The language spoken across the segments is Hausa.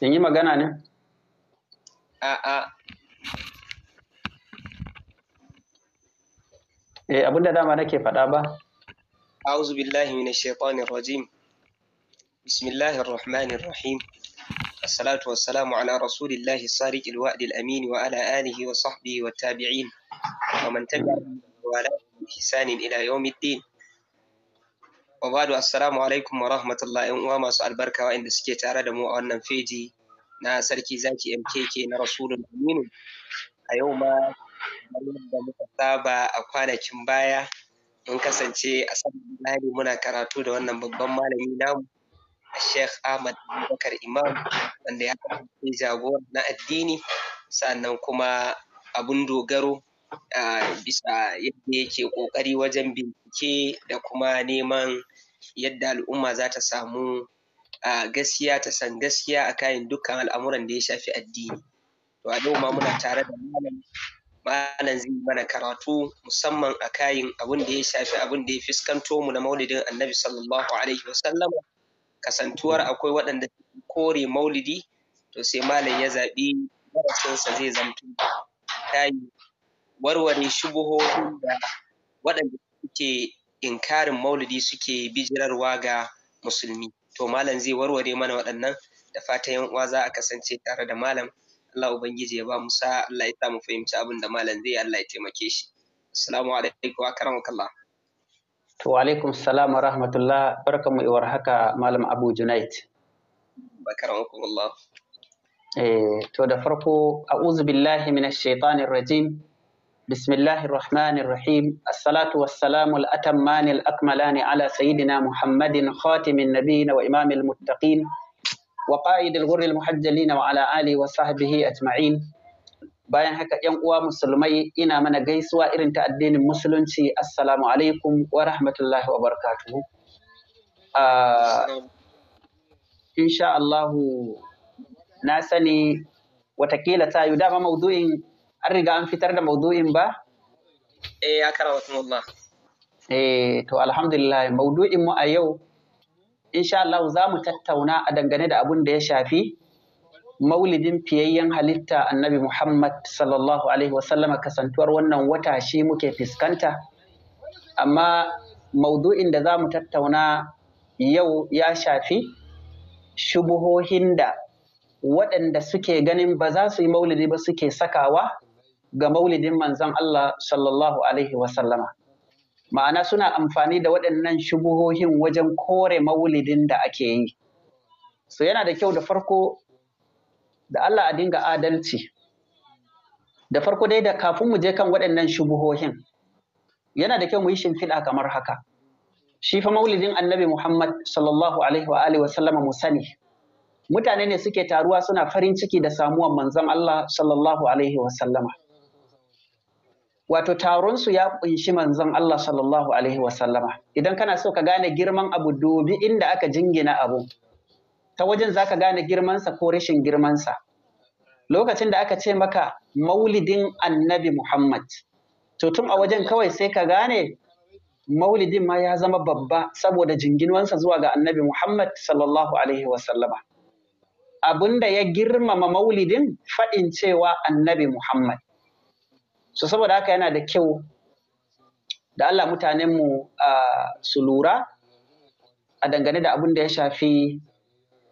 in yi magana ne? A'a. Eh, abin da dama nake faɗa ba? A'uzu billahi min shaitanir rajim. Bismillahir Rahmanir Rahim. Assalatu wassalamu ala Rasulillahi Sariqil Wa'dil Amin wa ala alihi wa sahbihi wa tabi'in. Wa man tabi'a wa ala ihsani ila yawmiddin. wa assalamu alaikum wa rahmatullah yan uwa masu albarka inda suke tare da mu a wannan feji na sarki zaki mkk na rasulun aminu a yau ma da muka saba a kwanakin baya mun kasance a saman muna karatu da wannan babban malami namu Sheikh Ahmad Bakar Imam wanda ya kasance jagora na addini sannan kuma abun dogaro bisa yadda yake ƙoƙari wajen bincike da kuma neman yadda al'umma za ta samu gaskiya ta san gaskiya a kayan dukkan al'amuran da ya shafi addini to a yau ma muna tare da malam malam zai mana karatu musamman a kayan abin da ya shafi abin da ya fuskanto mu na maulidin annabi sallallahu alaihi wasallam kasantuwar akwai waɗanda kore maulidi to sai malam ya zaɓi darasinsa zai zamto kayi warware shubuhohin da waɗanda suke inkarin maulidi suke bijirarwa ga musulmi to malam zai warware mana waɗannan da fatan yan uwa za a kasance tare da malam Allah ubangiji ya ba mu sa Allah ya sa mu fahimci abin da malam zai Allah ya taimake shi assalamu alaikum wa karamakallah to alaikum salam wa rahmatullah barkamu iwar haka malam Abu Junaid barkamukum Allah eh to da farko a'udhu billahi minash shaitanir rajim بسم الله الرحمن الرحيم الصلاة والسلام الأتمان الأكملان على سيدنا محمد خاتم النبيين وإمام المتقين وقائد الغر المحجلين وعلى آله وصحبه أجمعين bayan haka ‘yan uwa musulmai ina mana gaisuwa irin ta addinin musulunci assalamu alaikum wa rahmatullahi wa barakatuhu ah, insha Allahu na sani watakila ta yi dama maudu'in an riga an fitar da maudu'in ba? Eh ya karamatumullah. Eh to alhamdulillah maudu'in mu a yau insha Allah za mu tattauna a dangane da abun da ya shafi maulidin fiyayyen halitta annabi Muhammad sallallahu alaihi wasallama kasantuwar wannan wata shi muke fiskanta amma maudu'in da za mu tattauna yau ya shafi shubuhohin da waɗanda suke ganin ba za su yi maulidi ba suke sakawa ga maulidin manzon Allah sallallahu alaihi wasallama ma'ana suna amfani da waɗannan shubuhohin wajen kore maulidin da ake yi so yana da kyau da farko da Allah a dinga adalci da farko dai da kafin mu je kan waɗannan shubuhohin yana da kyau mu yi shimfiɗa kamar haka shi fa maulidin annabi Muhammad sallallahu alaihi wa wasallama sallama mu sani mutane ne suke taruwa suna farin ciki da samuwan manzon Allah sallallahu alaihi wa sallama wato taron su ya kunshi manzon Allah sallallahu alaihi wasallama idan kana so ka gane girman abu dubi inda aka jingina abu ta wajen zaka gane girmansa ko rashin girmansa lokacin da aka ce maka maulidin annabi Muhammad to tun a wajen kawai sai ka gane maulidin ma ya zama babba saboda jinginwansa zuwa ga annabi Muhammad sallallahu alaihi wasallama abinda ya girmama maulidin faɗin cewa annabi Muhammad so saboda haka yana da kyau da Allah mutanenmu su lura a dangane da abin da ya shafi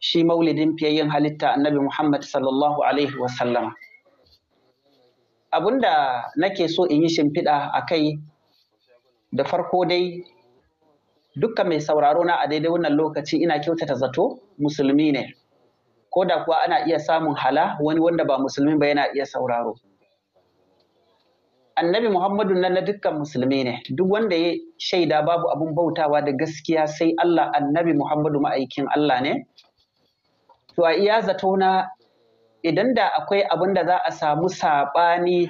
shi maulidin fiyayyen halitta annabi Muhammad sallallahu Alaihi wasallama. Abin da nake so in yi shimfiɗa a kai da farko dai dukka mai sauraro na a daidai wannan lokaci ina kyautata zato musulmi ne, ko da kuwa ana iya samun hala wani wanda ba musulmi ba yana iya sauraro. annabi Muhammadu nan na dukkan musulmi ne duk wanda ya shaida babu abun bautawa da gaskiya sai Allah annabi Muhammadu ma'aikin Allah ne to a iya zato idan da akwai abin da za a samu saɓani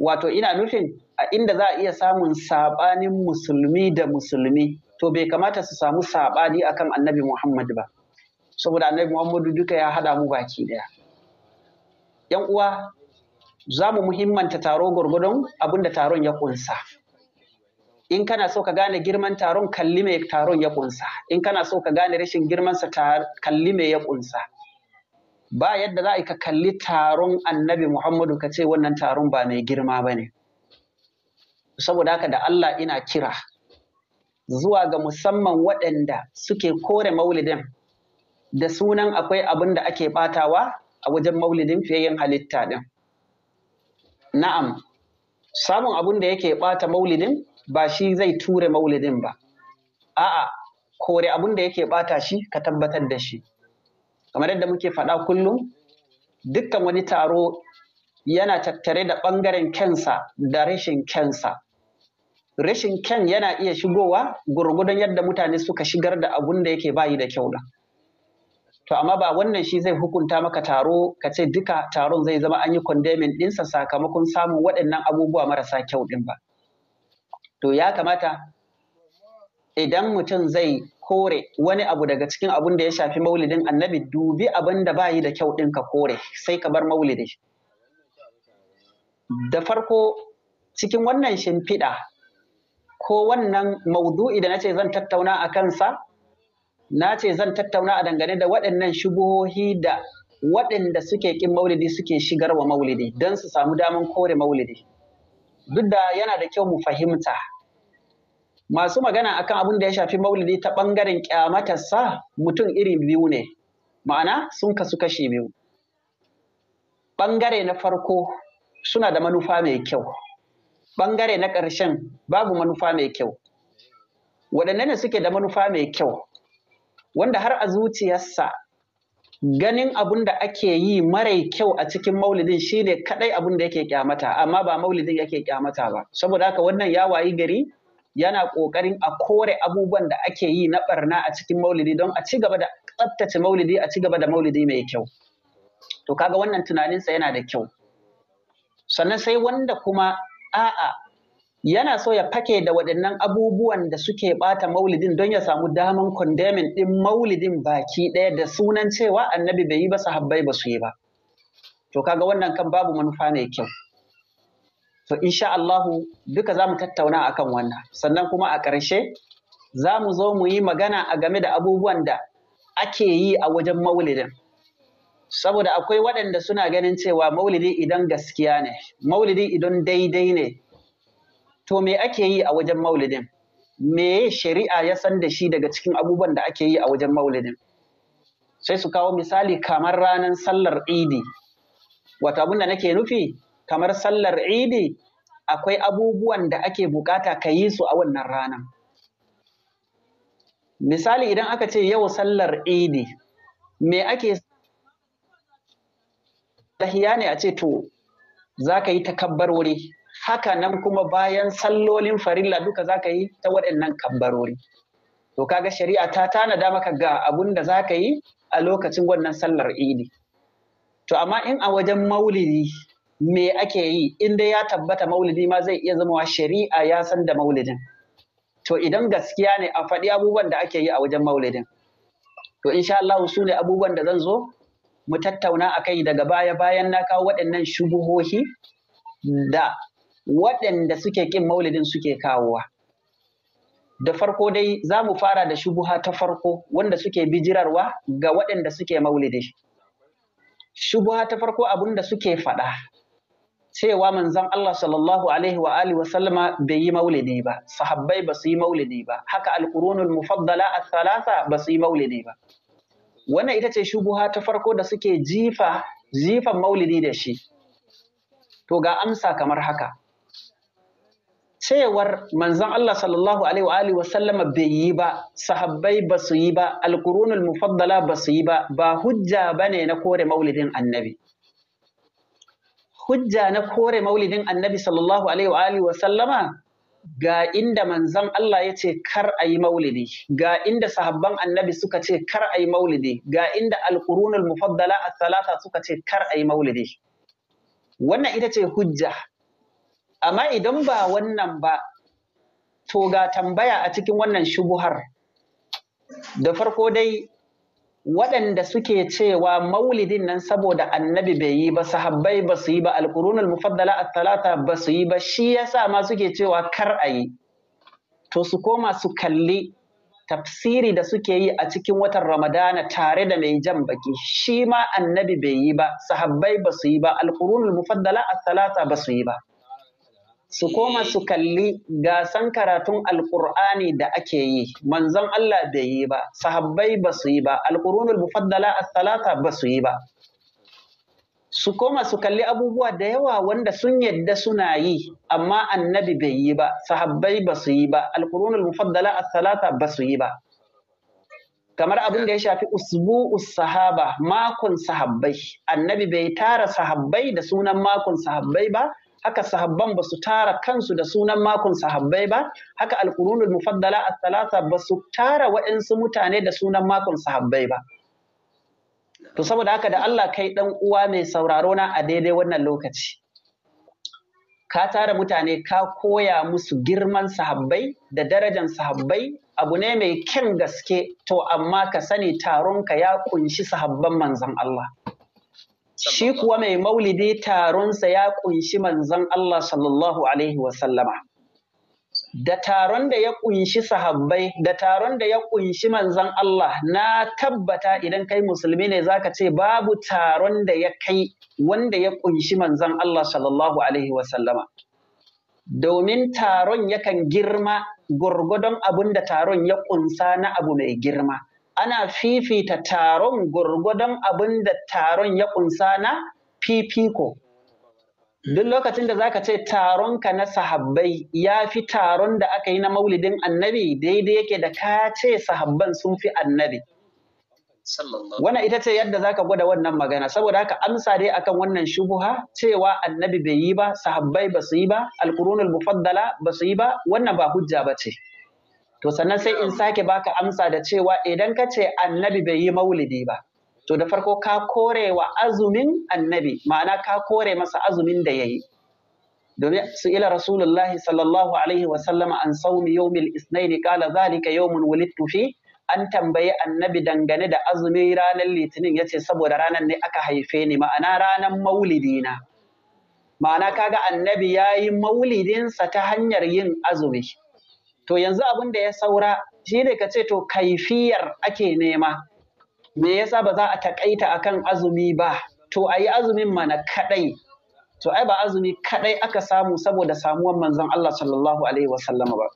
wato ina nufin a inda za a iya samun saɓanin musulmi da musulmi to bai kamata su samu saɓani akan annabi Muhammadu ba saboda annabi Muhammadu duka ya haɗa mu baki ɗaya. ‘Yan uwa za mu muhimmanta taro gwargwadon abin taron ya kunsa in kana so ka gane girman taron kalli mai taron ya kunsa in kana so ka gane rashin girmansa kalli mai ya kunsa ba yadda za a ka kalli taron annabi muhammadu ka ce wannan taron ba mai girma ba ne saboda haka da allah ina kira zuwa ga musamman waɗanda suke kore maulidin da sunan akwai abin da ake batawa a wajen maulidin yin halitta ɗin na'am samun abun da yake bata maulidin ba shi zai ture maulidin ba a'a kore abun da yake bata shi ka tabbatar da shi kamar yadda muke faɗa kullum dukkan wani taro yana tattare da ɓangaren kensa da rashin kensa rashin ken yana iya shigowa gurgudan yadda mutane suka shigar da abun da yake bayi da kyau da to amma ba wannan shi zai hukunta maka taro ka ce duka taron zai zama an yi kondemin ɗinsa sakamakon samun waɗannan abubuwa marasa kyau ɗin ba to ya kamata idan mutum zai kore wani abu daga cikin abun da ya shafi maulidin annabi dubi abin da bayi da kyau ɗin ka kore sai ka bar maulidi da farko cikin wannan shimfiɗa ko wannan maudu'i da na ce zan tattauna a kansa na ce zan tattauna a dangane da waɗannan shubuhohi da waɗanda suke ƙin maulidi suke shigar wa maulidi don su samu daman kore maulidi duk da yana da kyau mu fahimta masu magana akan abin da ya shafi maulidi ta ɓangaren ƙyamatarsa mutum iri biyu ne ma'ana sun kasu kashi biyu ɓangare na farko suna da manufa mai kyau ɓangare na ƙarshen babu manufa mai kyau waɗanne ne suke da manufa mai kyau wanda har a zuciyarsa ganin abun da ake yi marai kyau a cikin maulidin shine kadai abun da yake kyamata amma ba maulidin yake kyamata ba saboda haka wannan ya wayi gari yana kokarin a kore abubuwan da ake yi na barna a cikin maulidi don a ci gaba da tsaftace maulidi a ci gaba da maulidi mai kyau to kaga wannan tunaninsa yana da kyau sannan sai wanda kuma a'a yana so ya fake da waɗannan abubuwan da suke ɓata maulidin don ya samu daman kondemin ɗin maulidin baki ɗaya da sunan cewa annabi bai yi ba sahabbai ba su yi ba to kaga wannan kan babu manufa mai kyau to insha Allahu duka za mu tattauna akan wannan sannan kuma a ƙarshe za mu zo mu yi magana a game da abubuwan da ake yi a wajen maulidin saboda akwai waɗanda suna ganin cewa maulidi idan gaskiya ne maulidi idan daidai ne to me ake yi a wajen maulidin me shari'a ya san da shi daga cikin abubuwan da ake yi a wajen maulidin sai su kawo misali kamar ranar sallar idi wato abin da nake nufi kamar sallar idi akwai abubuwan da ake bukata ka yi su a wannan ranar misali idan aka ce yau sallar idi me ake tahiya ne a ce to za ka yi takabbar wuri haka nan kuma bayan sallolin farilla duka za ka yi ta waɗannan kambarori, To kaga shari'a ta tanada maka ga abun da za ka yi a lokacin wannan sallar idi. To amma in a wajen maulidi me ake yi in dai ya tabbata maulidi ma zai iya zama shari'a ya san da maulidin. To idan gaskiya ne a faɗi abubuwan da ake yi a wajen maulidin. To insha Allah su ne abubuwan da zan zo mu tattauna akai daga baya bayan na kawo waɗannan shubuhohi da waɗanda suke ƙin maulidin suke kawowa. Da farko dai za mu fara da shubuha ta farko wanda suke bijirarwa ga waɗanda suke maulidi. Shubuha ta farko abin da suke faɗa cewa manzon Allah sallallahu alaihi wa alihi wa sallama bai yi maulidi ba, sahabbai ba su yi maulidi ba, haka alƙurunul mufaddala a salasa ba su yi maulidi ba. Wannan ita ce shubuha ta farko da suke jifa jifan maulidi da shi. To ga amsa kamar haka. cewar manzon Allah sallallahu alaihi wa alihi bai yi ba sahabbai ba su yi ba alqurunul mufaddala ba su yi ba ba hujja bane na kore maulidin annabi hujja na kore maulidin annabi sallallahu alaihi wa alihi ga inda manzon Allah ya ce kar a yi maulidi ga inda sahabban annabi suka ce kar a yi maulidi ga inda alqurunul mufaddala as-salata suka ce kar a yi maulidi wannan ita ce hujja amma idan ba wannan ba to ga tambaya a cikin wannan shubuhar da farko dai waɗanda suke cewa maulidin nan saboda annabi bai yi ba sahabbai ba su yi ba alƙurunul mufaddala at-talata ba su yi ba shi yasa ma suke cewa kar a yi to su koma su kalli tafsiri da suke yi a cikin watan Ramadana tare da mai jan baki shi ma annabi bai yi ba sahabbai ba su yi ba alqurunul mufaddala as talata ba su yi ba su koma su kalli gasan karatun alkur'ani da ake yi manzon Allah bai yi ba sahabbai ba su yi ba alqurunul mufaddala as-salata ba su yi ba su koma su kalli abubuwa da yawa wanda sun yadda suna yi amma annabi bai yi ba sahabbai ba su yi ba alqurunul mufaddala as-salata ba su yi ba kamar abin da ya shafi usbu'us sahaba makon sahabbai annabi bai tara sahabbai da sunan makon sahabbai ba haka sahabban ba su tara kansu da sunan makon sahabbai ba haka alkurunul mufaddala a salasa ba su tara waɗansu mutane da sunan makon sahabbai ba to saboda haka da Allah kai ɗan uwa mai sauraro na a daidai wannan lokaci ka tara mutane ka koya musu girman sahabbai da darajan sahabbai abu ne mai kyan gaske to amma ka sani taron ka ya kunshi sahabban manzon Allah shi kuwa mai maulidi taronsa ya kunshi manzon Allah sallallahu alaihi wasallama da taron da ya kunshi sahabbai da taron da ya kunshi manzon Allah na tabbata idan kai musulmi ne zaka ce babu taron da ya kai wanda ya kunshi manzon Allah sallallahu alaihi wasallama domin taron yakan girma gwargwadon abin da taron ya kunsa na abu mai girma ana fifita taron gurgudan abin da taron ya ƙunsa na fifiko. Duk lokacin da zaka ce taronka na sahabbai ya fi taron da aka yi na maulidin annabi daidai yake da ka ce sahabban sun fi annabi. Wannan ita ce yadda zaka gwada wannan magana saboda haka amsa dai akan wannan shubuha cewa annabi bai yi ba sahabbai ba su yi ba alkurunul mufaddala ba su yi ba wannan ba hujja ba ce. to sannan sai in sake baka amsa da cewa idan ka ce annabi bai yi maulidi ba to da farko ka kore wa azumin annabi ma'ana ka kore masa azumin da yayi domin su ila rasulullahi sallallahu alaihi wa sallama an saumi yawmil isnaini qala zalika yawmun wulidtu fi an tambayi annabi dangane da azumi ranar litinin yace saboda ranar ne aka haife ni ma'ana ranar maulidi na ma'ana kaga annabi yayi maulidinsa ta hanyar yin azumi to yanzu abin da ya saura shi ne ka ce to kaifiyar ake nema me yasa ba za a takaita kan azumi ba to a yi azumin mana kadai to ai ba azumi kadai aka samu saboda samuwar manzon Allah sallallahu alaihi wasallam ba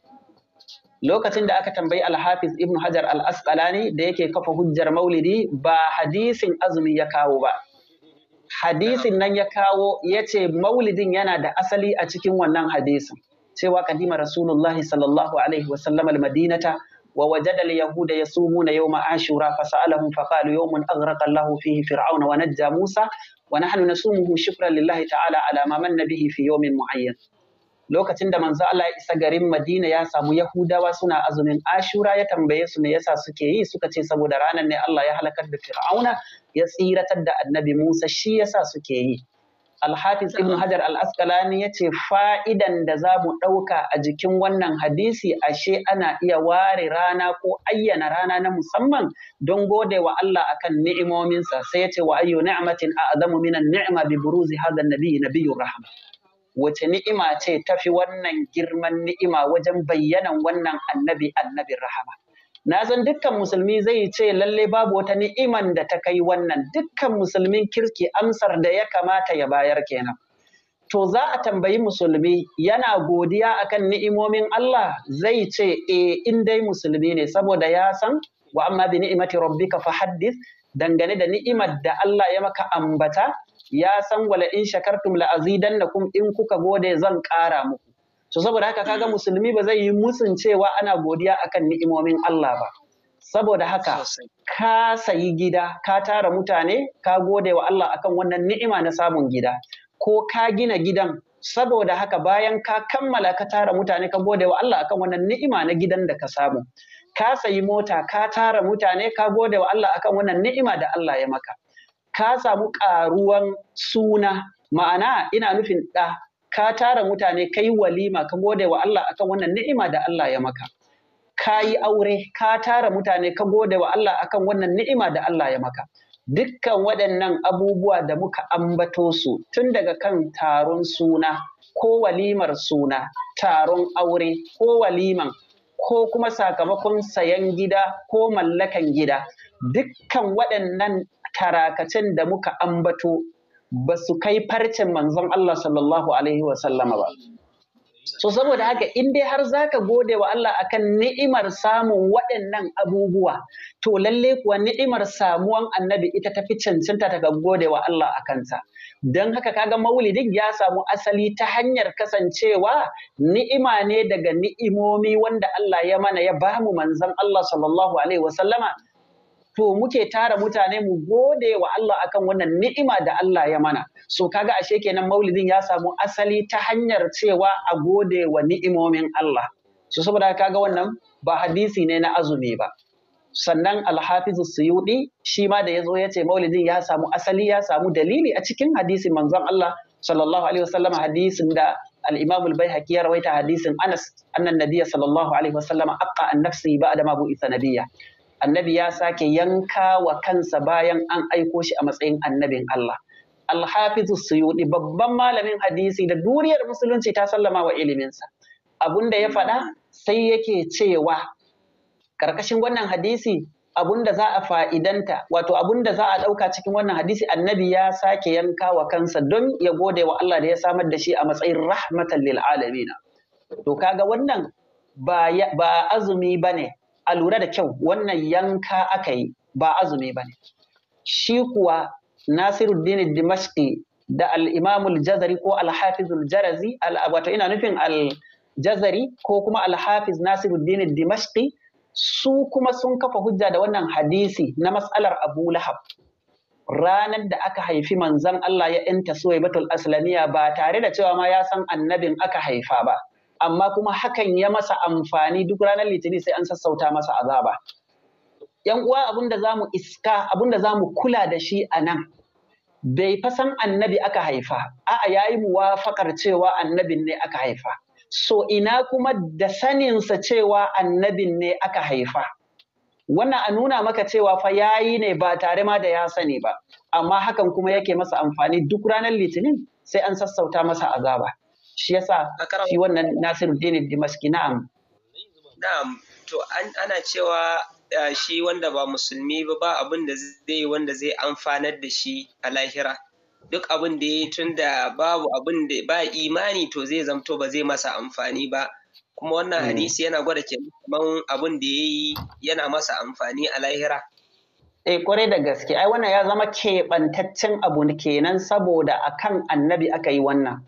lokacin da aka tambayi alhafiz Ibn Hajar al-Asqalani da yake kafa hujjar Maulidi ba hadisin azumi ya kawo ba hadisin nan ya kawo yace Maulidin yana da asali a cikin wannan hadisin cewa kadima rasulullahi sallallahu alaihi wasallam almadinata wa wajada alyahuda yasumuna yawma ashura fa sa'alahum fa qalu yawmun aghraqa Allahu fihi fir'auna wa najja Musa wa nahnu nasumuhu shukran lillahi ta'ala ala ma manna bihi fi yawmin mu'ayyan lokacin da manzo Allah ya isa garin Madina ya samu Yahudawa suna azumin Ashura ya tambaye su me yasa suke yi suka ce saboda ranar ne Allah ya halakar da Fir'auna ya tsiratar da Annabi Musa shi yasa suke yi Alhafiz Ibn Hajar Al-Asqalani ya ce fa'idan da za mu ɗauka a jikin wannan hadisi ashe ana iya ware rana ko ayyana rana na musamman don gode wa Allah akan ni'imominsa sai ya ce wa ayyu ni'matin a'zamu minan ni'ma bi buruzi hadha an-nabiy rahama. wace ni'ima ce tafi wannan girman ni'ima wajen bayyanan wannan annabi annabin rahama na san dukkan musulmi zai ce lalle babu wata ni'iman da ta kai wannan dukkan musulmin kirki amsar da ya kamata ya bayar kenan to za a tambayi musulmi yana godiya akan ni'imomin Allah zai ce e in dai musulmi ne saboda ya san wa amma bi ni'imati rabbika haddis dangane da ni'imar da Allah ya maka ambata ya san wala in shakartum la azidannakum in kuka gode zan kara muku to saboda haka kaga musulmi ba zai yi musun cewa ana godiya akan ni'imomin Allah ba saboda haka ka sayi gida ka tara mutane ka gode wa Allah akan wannan ni'ima na samun gida ko ka gina gidan saboda haka bayan ka kammala ka tara mutane ka gode wa Allah akan wannan ni'ima na gidan da ka samu ka sayi mota ka tara mutane ka gode wa Allah akan wannan ni'ima da Allah ya maka ka samu karuwan suna ma'ana ina nufin ɗa ka tara mutane kai walima ka gode wa Allah akan wannan ni'ima da Allah ya maka ka yi aure ka tara mutane ka gode wa Allah akan wannan ni'ima da Allah ya maka dukkan waɗannan abubuwa da muka ambato su tun daga kan taron suna ko walimar suna taron aure ko waliman ko kuma sakamakon sayan gida ko mallakan gida dukkan waɗannan tarakacin da muka ambato ba su kai farcen manzon Allah sallallahu alaihi wa ba so saboda haka in dai har zaka gode wa Allah akan ni'imar samun waɗannan abubuwa to lalle kuwa ni'imar samuwan annabi ita tafi cancanta ta gode wa Allah a kanta. don haka kaga maulidin ya samu asali ta hanyar kasancewa ni'ima ne daga ni'imomi wanda Allah ya mana ya bamu manzon Allah sallallahu alaihi wasallama to muke tara mutane mu gode wa Allah akan wannan ni'ima da Allah ya mana so kaga ashe kenan maulidin ya samu asali ta hanyar cewa a gode wa ni'imomin Allah so saboda kaga wannan ba hadisi ne na azumi ba sannan alhafizu suyudi shi ma da ya zo ya ce maulidin ya samu asali ya samu dalili a cikin hadisin manzon Allah sallallahu alaihi wasallam hadisin da al'imamul imam al ya rawaita hadisin Anas annan nabiyya sallallahu alaihi wasallam aqqa an nafsi ba'da annabi ya sake yanka wa kansa bayan an aiko shi a matsayin annabin Allah alhafizu hafizu Suyudi babban malamin hadisi da duriyar musulunci ta sallama wa iliminsa abunda ya faɗa sai yake cewa karkashin wannan hadisi abun za a fa'idanta wato abunda za a ɗauka cikin wannan hadisi annabi ya sake yanka wa kansa don ya gode wa Allah da ya samar da shi a matsayin rahmatan lil alamina to kaga wannan ba, azumi ba ne a lura da kyau wannan yanka aka yi ba azumi ba ne shi kuwa nasiruddin dimashqi da al jazari ko al-hafizul jarazi wato ina nufin al-jazari ko kuma al-hafiz nasiruddin dimashqi su kuma sun kafa hujja da wannan hadisi na mas'alar abu lahab ranar da aka haifi manzon Allah ya yanta suwaibatul aslamiyya ba tare da cewa ma ya san annabin aka haifa ba amma kuma hakan ya masa amfani duk ranar litinin sai an sassauta masa azaba yan uwa abin da za mu iska abin da za mu kula da shi a nan bai fasan annabi aka haifa a'a yayi muwafaqar cewa annabin ne aka haifa so ina kuma da saninsa cewa annabin ne aka haifa wannan a nuna maka cewa fa ya yi ne ba tare ma da ya sani ba amma hakan kuma yake masa amfani duk ranar litinin sai an sassauta masa azaba shi yasa shi wannan Nasiru Nasiruddin Dimaski na'am na'am to ana cewa shi wanda ba musulmi ba ba abin da zai wanda zai amfanar da shi a lahira duk abin da ya tun da babu abin da ba imani to zai zamto ba zai masa amfani ba kuma wannan mm. hadisi yana gwada ke kaman abin da ya yi yana masa amfani a lahira eh kwarai da gaske ai wannan ya zama keɓantaccen abu kenan saboda akan annabi aka yi wannan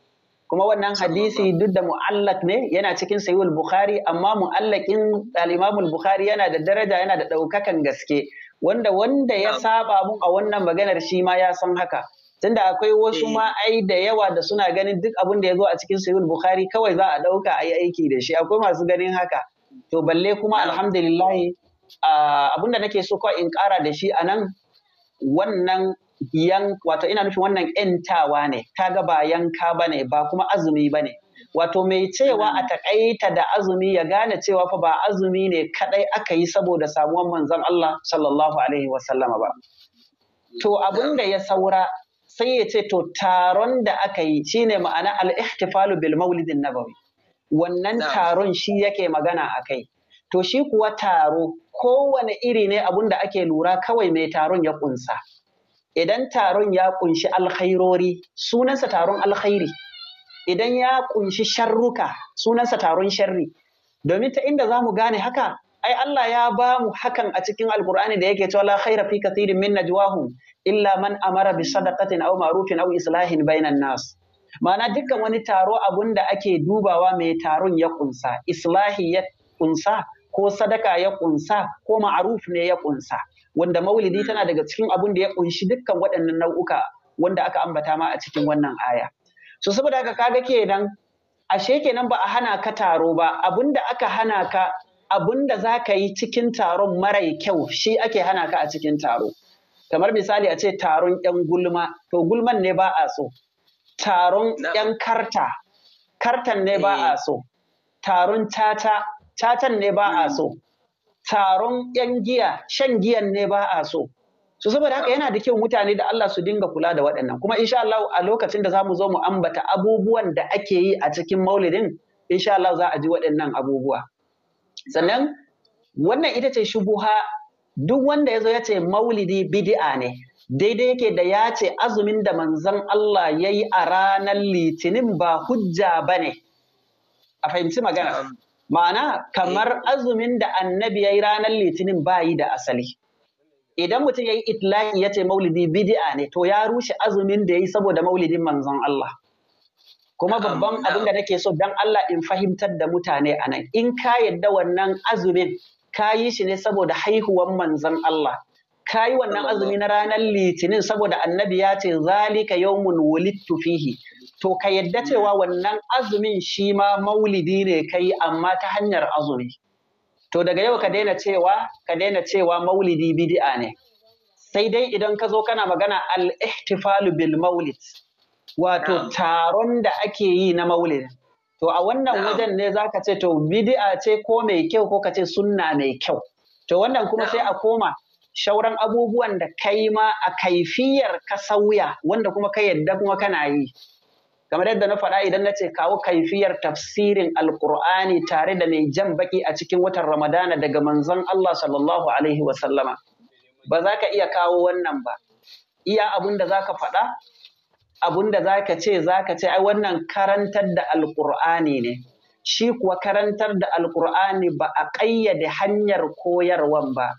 kuma wannan hadisi duk da mu'allak ne yana cikin sayyul bukhari amma mu'allakin al-imamul bukhari yana da daraja yana da ɗaukakan gaske wanda wanda ya saba mun a wannan maganar shi ma ya san haka tunda akwai wasu eh. ma ai da yawa da suna ganin duk abin da ya zo a cikin sayyul bukhari kawai za a ɗauka a yi aiki da shi akwai masu ganin haka to balle kuma alhamdulillah ah, abinda nake so kawai in ƙara da shi anan wannan yan wato ina nufin wannan ‘yantawa ne, ga ba yanka ba ne, ba kuma azumi ba ne. Wato mai cewa a takaita da azumi ya gane cewa fa ba azumi ne kadai aka yi saboda samuwar manzon Allah sallallahu alaihi wasallama ba. To abinda ya saura sai ya ce to taron da aka yi shine ma'ana al-ihtifalu bil maulidin nabawi. Wannan taron shi yake magana a kai. To shi kuwa taro kowane iri ne abun da ake lura kawai mai taron ya kunsa. idan taron ya ƙunshi alkhairori sunansa taron alkhairi idan ya ƙunshi sharruka sunansa taron sharri domin ta inda zamu gane haka ai Allah ya ba mu hakan a cikin alkur'ani da yake cewa la khaira fi kathirin min najwahum illa man amara bi sadaqatin aw ma'rufin aw islahin bainan nas ma'ana dukkan wani taro abun da ake dubawa mai taron ya ƙunsa, islahi ya kunsa ko sadaka ya ƙunsa, ko ma'ruf ne ya ƙunsa. wanda maulidi tana daga cikin abun da ya kunshi dukkan waɗannan nau'uka wanda aka ambata ma a cikin wannan aya so saboda haka ga kenan ashe kenan ba a hana ka taro ba abun da aka hana ka abun da za ka yi cikin taron mara kyau shi ake hana ka a cikin taro kamar misali a ce taron 'yan gulma to gulman ne ba a so taron 'yan karta kartan ne ba a eh. so taron caca, cacan ne ba a mm. so taron 'yan giya shan giyan ne ba a so so saboda haka yana da kyau mutane da Allah su dinga kula da waɗannan kuma insha Allah a lokacin da za mu zo mu ambata abubuwan da ake yi a cikin maulidin insha Allah za a ji waɗannan abubuwa sannan wannan ita ce shubuha duk wanda ya zo ya ce maulidi bid'a ne daidai yake da ya ce azumin da manzon Allah ya yi a ranar litinin ba hujja bane, a fahimci magana Ma'ana kamar eh. azumin da annabi ya yi ranar litinin ba yi da asali. Idan mutum ya yi itlaki ya ce maulidi bidi'a ne to ya rushe azumin da ya yi saboda maulidin manzon Allah. Kuma babban abin da nake so dan Allah in fahimtar da mutane a nan in ka yadda wannan azumin ka yi shi ne saboda haihuwan manzon Allah. Ka yi wannan azumi na ranar litinin saboda annabi ya ce zalika yawmun wulittu fihi. to ka yadda cewa wannan azumin shi ma maulidi ne kai amma ta hanyar azumi to daga yau ka daina cewa ka daina cewa maulidi bid'a ne sai dai idan ka zo kana magana al-ihtifalu bil maulid wato taron da ake yi na maulid to a wannan wajen ne zaka ce to bid'a ce ko mai kyau ko ka ce sunna mai kyau to wannan kuma sai a koma shauran abubuwan da kai ma a kaifiyar ka sauya wanda kuma ka yadda kuma kana yi kamar yadda na faɗa idan na ce kawo kaifiyar tafsirin alkur'ani tare da mai jan baki a cikin watan ramadana daga manzon Allah sallallahu alaihi wasallama ba za ka iya kawo wannan ba iya abun da za ka faɗa abun da za ka ce za ka ce ai wannan karantar da alkur'ani ne shi kuwa karantar da alkur'ani ba a ƙayyade hanyar koyarwan ba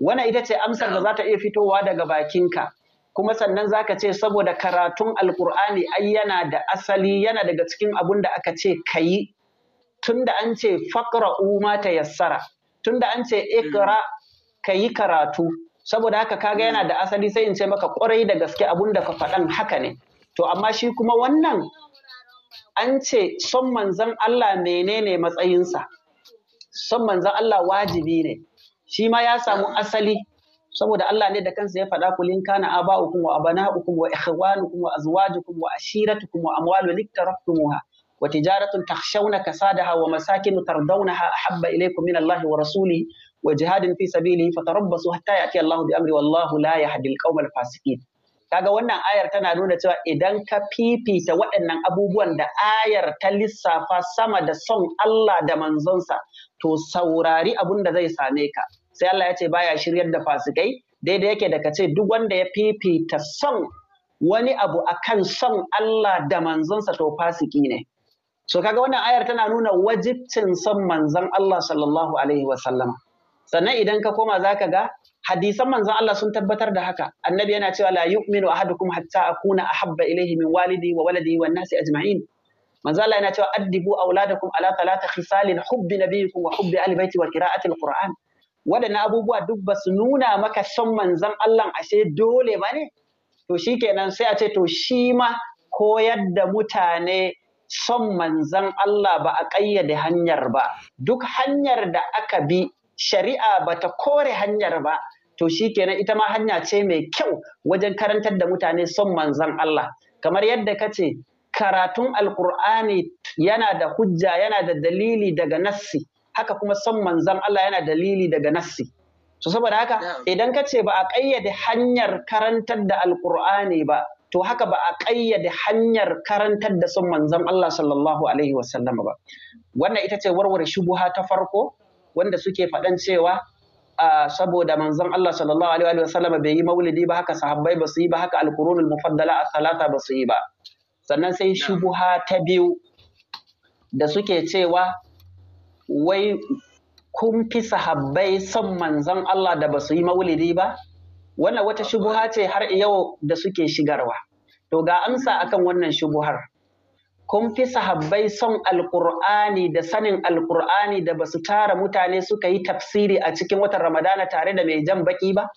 wannan ita ce amsar da za ta iya fitowa daga bakinka kuma sannan zaka ce saboda karatun alkur'ani ai yana da asali yana daga cikin abun da aka ce kayi da an ce ta ma tun da an ce ikra kayi karatu saboda haka kaga yana da asali sai in ce maka kwarai da gaske abun da ka faɗan haka ne to amma shi kuma wannan an ce son manzon Allah menene matsayinsa son manzon Allah wajibi ne shi ma ya samu asali saboda Allah ne da kansa ya faɗa kulin kana aba'ukum wa abana'ukum wa ikhwanukum wa azwajukum wa ashiratukum wa amwalun iktaraftumuha wa tijaratun takhshawna kasadaha wa masakin tardawnaha ahabba ilaykum min Allah wa rasulihi wa jihadin fi sabilihi fatarabbasu hatta ya'ti Allah bi amri wallahu la yahdi al-qawmal kaga wannan ayar tana nuna cewa idan ka fifita waɗannan abubuwan da ayar ta lissafa sama da son Allah da manzonsa to saurari abun da zai same ka sai Allah ya ce baya shiryar da fasikai daidai yake da kace duk wanda ya fifita son wani abu akan son Allah da manzonsa to fasiki ne so kaga wannan ayar tana nuna wajibcin son manzon Allah sallallahu alaihi sannan idan ka koma zaka ga hadisan manzon Allah sun tabbatar da haka annabi yana cewa la yu'minu ahadukum hatta akuna ahabba ilayhi min walidi wa waladihi wa nasi ajma'in manzon Allah yana cewa addibu auladakum ala thalathati khisalil hubbi nabiyikum wa hubbi ahli baiti wa qira'ati alquran waɗannan abubuwa duk ba su nuna maka son manzan Allah ashe dole ba ne? To shi kenan sai a ce to shi ma koyar da mutane son manzan Allah ba a ƙayyade hanyar ba. Duk hanyar da aka bi shari'a ba ta kore hanyar ba, to shi kenan ita ma hanya ce mai kyau wajen karantar da mutane son manzan Allah. Kamar yadda ka ce, karatun Alƙur'ani yana da hujja yana da dalili daga nassi. haka kuma son manzan Allah yana dalili daga nassi so saboda haka idan ka ce ba a ƙayyade hanyar karantar da alƙur'ani ba to haka ba a ƙayyade hanyar karantar da son manzan Allah sallallahu alaihi Wasallama ba wannan ita ce warware shubuha ta farko wanda suke faɗan cewa saboda manzon Allah sallallahu alaihi Wasallama bai yi maulidi ba haka sahabbai ba su yi ba haka alqurunul mufaddala a salata ba su yi ba sannan sai shubuha ta biyu da suke cewa wai kun fi sahabbai son manzon Allah da ba su yi maulidi ba? Wannan wata shubuha ce har yau da suke shigarwa. To ga amsa akan wannan shubuhar. Kun fi sahabbai son Alƙur'ani da sanin Alƙur'ani da ba su tara mutane suka yi tafsiri a cikin watan Ramadana tare da mai jan baki ba?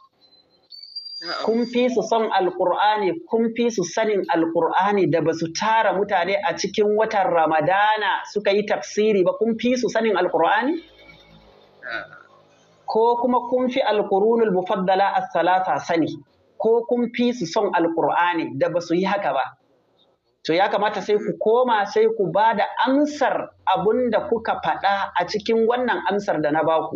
kun fi su son alkur'ani kun fi su sanin alkur'ani da ba su tara mutane a cikin watan ramadana suka yi tafsiri ba kun fi su sanin alkur'ani ko kuma kun fi alkurunul mufaddala as-salata sani ko kun fi su son alkur'ani da ba su yi haka ba to ya kamata sai ku koma sai ku ba da amsar abun da kuka faɗa a cikin wannan amsar da na baku.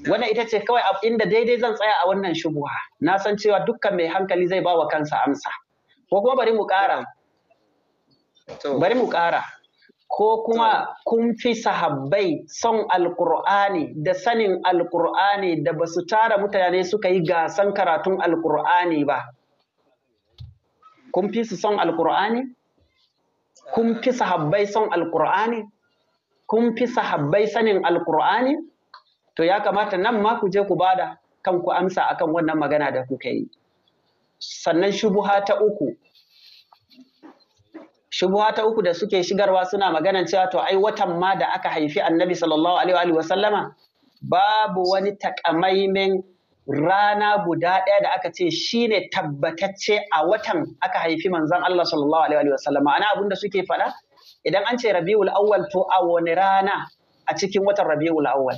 wannan ita ce kawai inda daidai zan tsaya a wannan shubuha na san cewa dukkan mai hankali zai ba wa kansa amsa ko kuma bari mu ƙara bari mu ƙara ko kuma kun fi sahabbai son alkur'ani da sanin alkur'ani da ba su tara mutane suka yi gasan karatun alkur'ani ba kun fi su son alkur'ani kun fi sahabbai son alkur'ani kun fi sahabbai sanin alkur'ani to ya kamata nan ma ku je ku bada kanku amsa akan wannan magana da kuka yi sannan shubuha ta uku shubuha ta uku da suke shigarwa suna maganan cewa to ai watan ma da aka haifi annabi sallallahu alaihi wa sallama babu wani takamaimin rana guda ɗaya da aka ce shine tabbatacce a watan aka haifi manzon Allah sallallahu alaihi wa sallama ana abin da suke faɗa idan an ce rabiul awwal to a wani rana a cikin watan rabiul awwal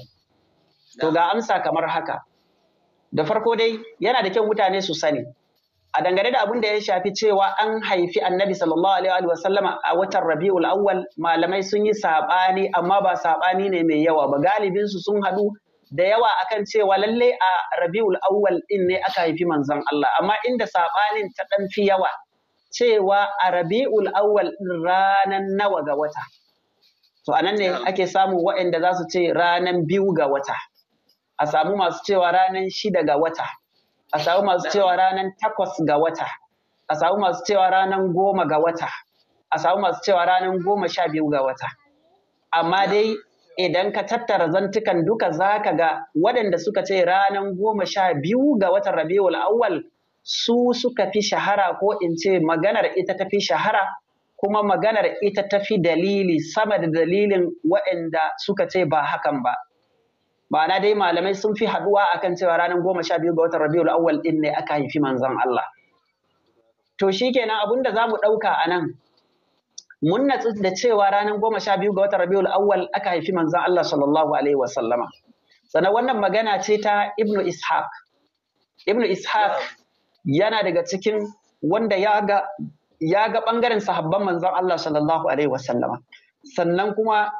To ga amsa kamar haka. Da farko dai yana da kyau mutane su sani. A dangane da abin da ya shafi cewa an haifi annabi sallallahu alaihi wasallama a watan Rabi'ul Awwal malamai sun yi saɓani amma ba saɓani ne mai yawa ba galibinsu sun haɗu da yawa akan cewa lallai a Rabi'ul Awwal ɗin ne aka haifi manzon Allah amma inda saɓanin ta ɗan fi yawa cewa a Rabi'ul Awwal ɗin ranan nawa ga wata. To anan ne ake samun waɗanda za su ce ranan biyu ga wata. a samu masu cewa ranar shida ga wata a samu masu cewa ranar takwas ga wata a samu masu cewa ranar goma ga wata a samu masu cewa ranar goma sha biyu ga wata amma dai idan ka tattara zantukan duka za ka ga waɗanda suka ce ranar goma sha biyu ga watan rabiul awwal su suka fi shahara ko in ce maganar ita ta fi shahara kuma maganar ita ta fi dalili sama da dalilin waɗanda suka ce ba hakan ba ma'ana dai malamai sun fi haduwa akan cewa ranar goma sha biyu ga watan rabiul awwal din ne aka haifi manzon Allah to shikenan abun da zamu ɗauka a nan mun natsu da cewa ranar goma sha biyu ga watan rabiul awwal aka haifi manzon Allah sallallahu alaihi wa sallama sannan wannan magana ce ta ibnu ishaq ibnu ishaq yana daga cikin wanda ya ga ya ga bangaren sahabban manzon Allah sallallahu alaihi wa sallama sannan kuma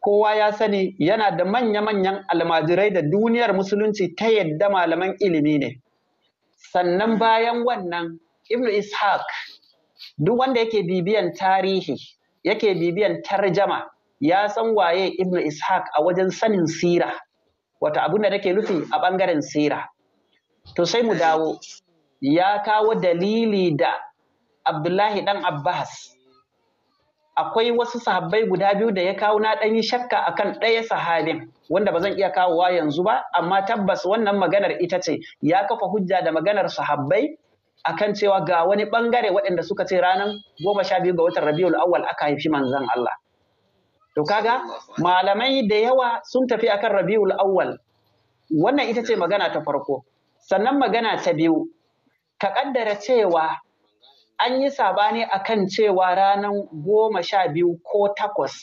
kowa ya sani yana da manya-manyan almajirai da duniyar musulunci ta yadda malaman ilimi ne sannan bayan wannan ibn ishaq duk wanda yake bibiyan tarihi yake bibiyan tarjama ya san waye ibn ishaq a wajen sanin sira wata abin da nake nufi a ɓangaren sira to sai mu dawo ya kawo dalili da abdullahi ɗan abbas akwai wasu sahabbai guda biyu da ya kawo na ɗan yi shakka akan ɗaya sahabin wanda ba zan iya kawowa yanzu ba amma tabbas wannan maganar ita ce ya kafa hujja da maganar sahabbai akan cewa ga wani bangare waɗanda suka ce ranar goma sha biyu ga watan rabiul awwal aka haifi manzan Allah to kaga malamai da yawa sun tafi akan rabiul awwal wannan ita ce magana ta farko sannan magana ta biyu ka kaddara cewa an yi sabani a kan cewa ranar goma sha biyu ko takwas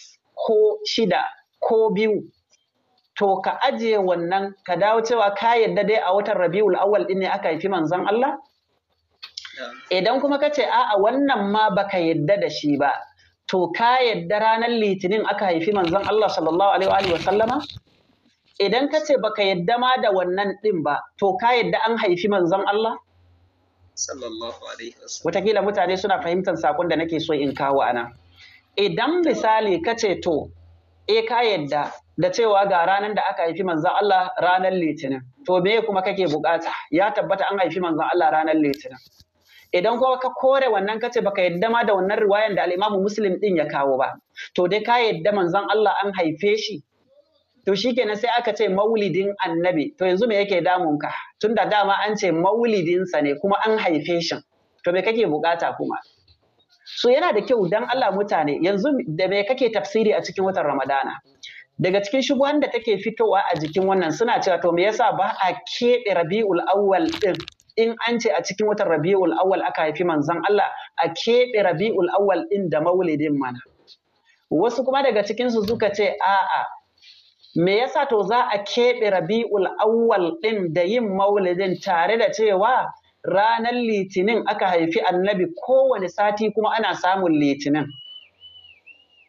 ko shida ko biyu to ka ajiye wannan ka dawo cewa ka yadda dai a watan rabiul awwal ɗin ne aka haifi manzon Allah idan kuma ka ce a'a wannan ma baka yadda da shi ba to ka yadda ranar litinin aka haifi manzon Allah sallallahu alaihi wa sallama idan ka ce baka yadda ma da wannan ɗin ba to ka yadda an haifi manzon Allah Wataƙila mutane suna fahimtar saƙon da nake so in kawo ana idan misali ka ce to e ka yadda da cewa ga ranar da aka haifi manzan Allah ranar litinin to me kuma kake bukata ya tabbata an haifi manzan Allah ranar litinin idan kuma ka kore wannan kace baka yadda ma da wannan riwayan da al'imamu imam Muslim din ya kawo ba to dai ka yadda manzon Allah an haife shi to shi kenan sai aka ce maulidin annabi to yanzu me yake damun ka tunda dama an ce maulidinsa ne kuma an haife shi to me kake bukata kuma so yana da kyau dan Allah mutane yanzu da me kake tafsiri a cikin watan Ramadana daga cikin shubuhan da take fitowa a jikin wannan suna cewa to me yasa ba a keɓe Rabiul Awwal din in an ce a cikin watan Rabiul Awwal aka haifi manzon Allah a keɓe Rabiul Awwal din da maulidin mana wasu kuma daga cikinsu suka ce a'a Me yasa to za a keɓe Rabi'ul Awwal ɗin da yin maulidin tare da cewa ranar Litinin aka haifi annabi kowane sati kuma ana samun Litinin.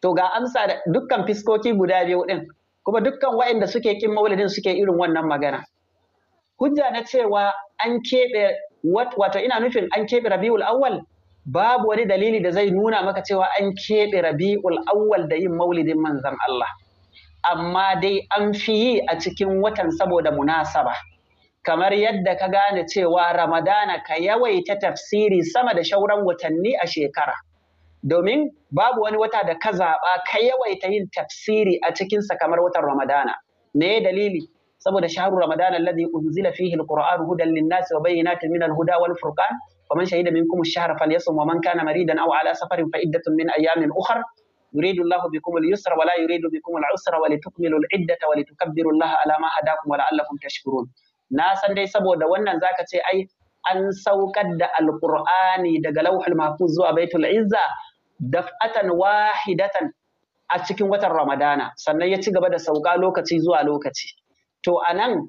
To ga amsa da dukkan fiskoki guda biyu ɗin, kuma dukkan waɗanda suke ƙin maulidin suke irin wannan magana. Hujja na cewa an keɓe wato ina nufin an keɓe Rabi'ul Awwal babu wani dalili da zai nuna maka cewa an keɓe Rabi'ul Awwal da yin maulidin manzan Allah. amma dai an fi yi a cikin watan saboda munasaba. Kamar yadda ka gane cewa Ramadana ka yawaita tafsiri sama da shauran watanni a shekara. Domin babu wani wata da ka zaɓa ka yawaita yin tafsiri a cikinsa kamar watan Ramadana. Me dalili? Saboda shahru Ramadana alladhi unzila fihi alqur'anu hudan linnasi wa bayyinatin minal huda wal furqan. ومن shahar منكم الشهر فليصم ومن كان مريدا او على سفر فعده min ايام اخر yuridu Allahu bikum al-yusra wa yuridu bikum usra wa litukmilu al-iddata wa litukabbiru na san dai saboda wannan zaka ce ai an saukar da alqur'ani daga lauhul mahfuz zuwa baitul izza daf'atan wahidatan a cikin watan ramadana sannan ya ci gaba da sauka lokaci zuwa lokaci to anan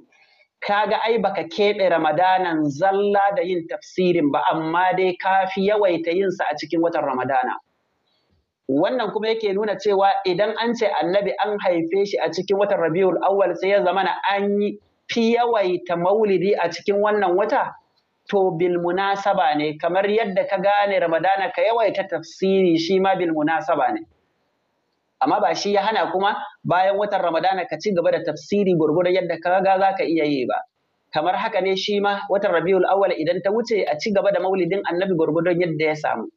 kaga ai baka keɓe ramadanan zalla da yin tafsirin ba amma dai kafi yawaita yin sa a cikin watan ramadana wannan kuma yake nuna cewa idan an ce annabi an haife shi a cikin watan rabiul awwal sai ya zamana an yi fi yawaita maulidi a cikin wannan wata to bil munasaba ne kamar yadda ka gane ramadana ka yawaita tafsiri shi ma bil munasaba ne amma ba shi ya hana kuma bayan watan ramadana ka ci gaba da tafsiri gurgurar yadda ka ga za ka iya yi ba kamar haka ne shi ma watan rabiul awwal idan ta wuce a ci gaba da maulidin annabi gurgurar yadda ya samu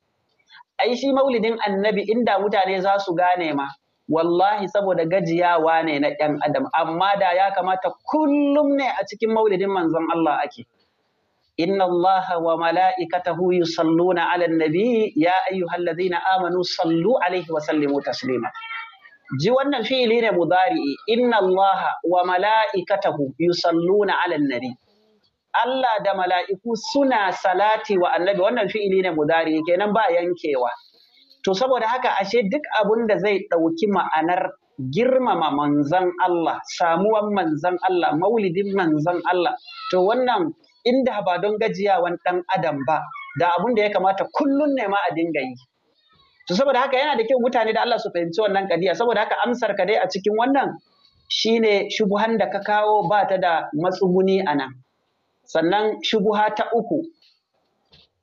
ai shi maulidin annabi inda mutane za su gane ma wallahi saboda gajiyawa ne na ɗan adam amma da ya kamata kullum ne a cikin maulidin manzon Allah ake inna Allah wa mala'ikatahu yusalluna 'alan nabi ya ayyuhallazina amanu sallu 'alaihi wa sallimu taslima ji wannan fi'ili ne mudari'i inna Allah wa mala'ikatahu yusalluna 'alan nabi Allah da mala'iku suna salati wa annabi wannan fi'ili ne mudari kenan ba yankewa. To saboda haka ashe duk abun da zai ɗauki ma'anar girmama manzan Allah, samuwan manzan Allah, maulidin manzan Allah, to wannan inda ba don gajiyawan ɗan adam ba, da abun da ya kamata kullum ne ma a dinga yi. To saboda haka yana da kyau mutane da Allah su fahimci wannan kadiya, saboda haka amsar ka dai a cikin wannan shine shubuhan da ka kawo ba ta da matsuguni a nan. sannan shubuha ta uku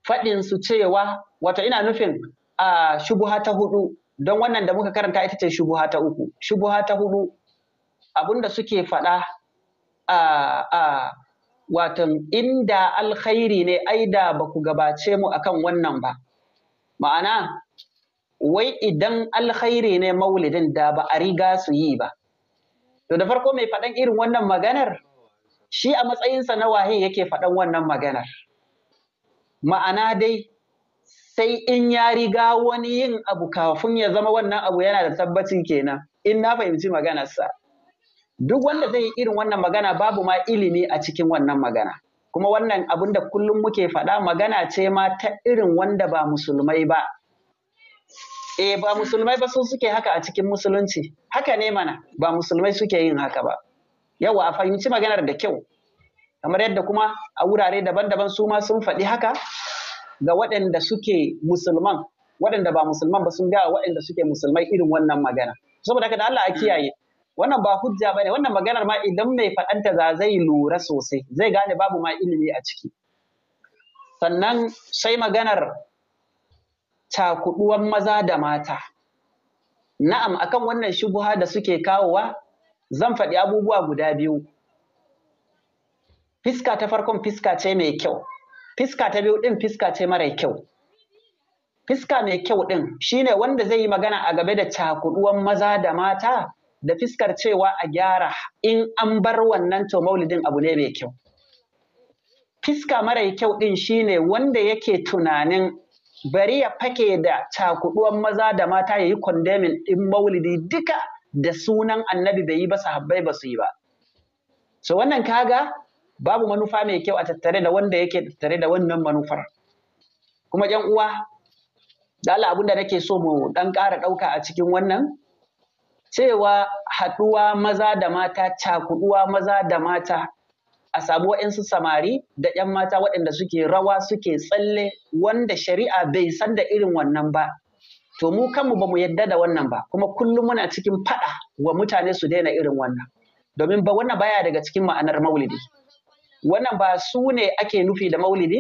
faɗin su cewa wato ina nufin a shubuha ta hudu don wannan da muka karanta ita ce shubuha ta uku shubuha ta hudu abinda suke faɗa a a watan inda alkhairi ne aida ba ku gabace mu akan wannan ba ma'ana wai idan alkhairi ne maulidin da ba a riga su yi ba to da farko mai faɗan irin wannan maganar shi a matsayinsa na wahin yake faɗan wannan maganar. Ma'ana dai sai in ya riga wani yin abu kafin ya zama wannan abu yana da tabbacin kenan in na fahimci maganarsa. Duk wanda zai yi irin wannan magana babu ma ilimi a cikin wannan magana. Kuma wannan abin da kullum muke faɗa magana ce ma ta irin wanda ba musulmai ba. Eh ba musulmai ba su suke haka a cikin musulunci. Haka ne mana ba musulmai suke yin haka ba. yawa a fahimci maganar da kyau kamar yadda kuma a wurare daban-daban su ma sun faɗi haka ga waɗanda suke musulman waɗanda ba musulman ba sun ga waɗanda suke musulmai irin wannan magana saboda haka da Allah a kiyaye wannan ba hujja bane wannan maganar ma idan mai faɗanta za zai lura sosai zai gane babu ma ilimi a ciki sannan sai maganar cakuɗuwan maza da mata na'am akan wannan shubuha da suke kawowa zan faɗi abubuwa guda biyu fiska ta farkon fiska ce mai kyau fiska ta biyu ɗin fiska ce mara kyau fiska mai kyau ɗin shine wanda zai yi magana a game da cakuɗuwan maza da mata da fiskar cewa a gyara in an bar wannan to maulidin abu ne mai kyau fiska mara kyau ɗin shine wanda yake tunanin bari ya fake da cakuɗuwan maza da mata ya yi kwandemin ɗin maulidi duka da sunan annabi bai yi ba sahabbai ba su yi ba so wannan kaga babu manufa mai kyau a tattare da wanda yake tattare da wannan manufar kuma ƴan uwa da Allah abinda nake so mu dan ƙara ɗauka a cikin wannan cewa haɗuwa maza da mata cakuɗuwa maza da mata a samu waɗansu samari da ƴan mata waɗanda suke rawa suke tsalle wanda shari'a bai san da irin wannan ba To mu kanmu ba mu yadda da wannan ba, kuma kullum muna cikin faɗa wa mutane su daina irin wannan. Domin ba wannan baya daga cikin ma'anar maulidi. Wannan ba su ne ake nufi da maulidi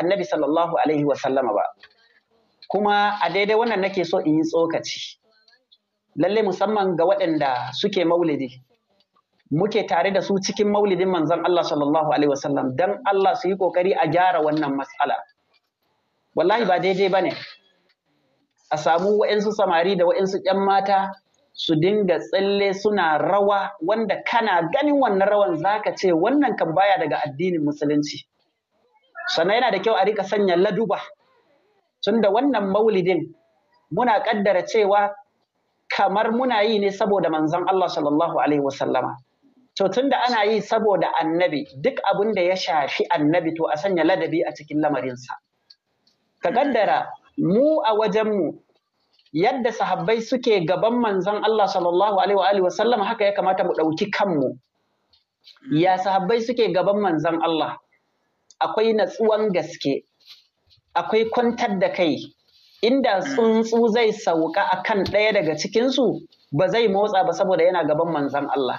annabi sallallahu alaihi wa sallama ba. Kuma a daidai wannan nake so in yi tsokaci. Lalle musamman ga waɗanda suke maulidi. Muke tare da su cikin maulidin manzon Allah sallallahu alaihi wa sallam dan Allah su yi kokari a gyara wannan matsala. Wallahi ba daidai ba ne. a samu wa'insu samari da wa'insu 'yan mata su dinga tsalle suna rawa wanda kana ganin wannan rawan zaka ce wannan kan baya daga addinin musulunci sannan yana da kyau a rika sanya laduba tunda wannan maulidin muna ƙaddara cewa kamar muna yi ne saboda manzon Allah sallallahu alaihi wasallama to tunda ana yi saboda annabi duk abin da ya shafi annabi to a sanya ladabi a cikin lamarinsa ka ƙaddara. mu a wajenmu yadda sahabbai suke gaban manzon Allah sallallahu alaihi wa sallam haka ya kamata mu ɗauki kanmu ya sahabbai suke gaban manzon Allah akwai natsuwan gaske akwai kwantar da kai inda tsuntsu zai sauka akan ɗaya daga cikinsu ba zai motsa ba saboda yana gaban manzon Allah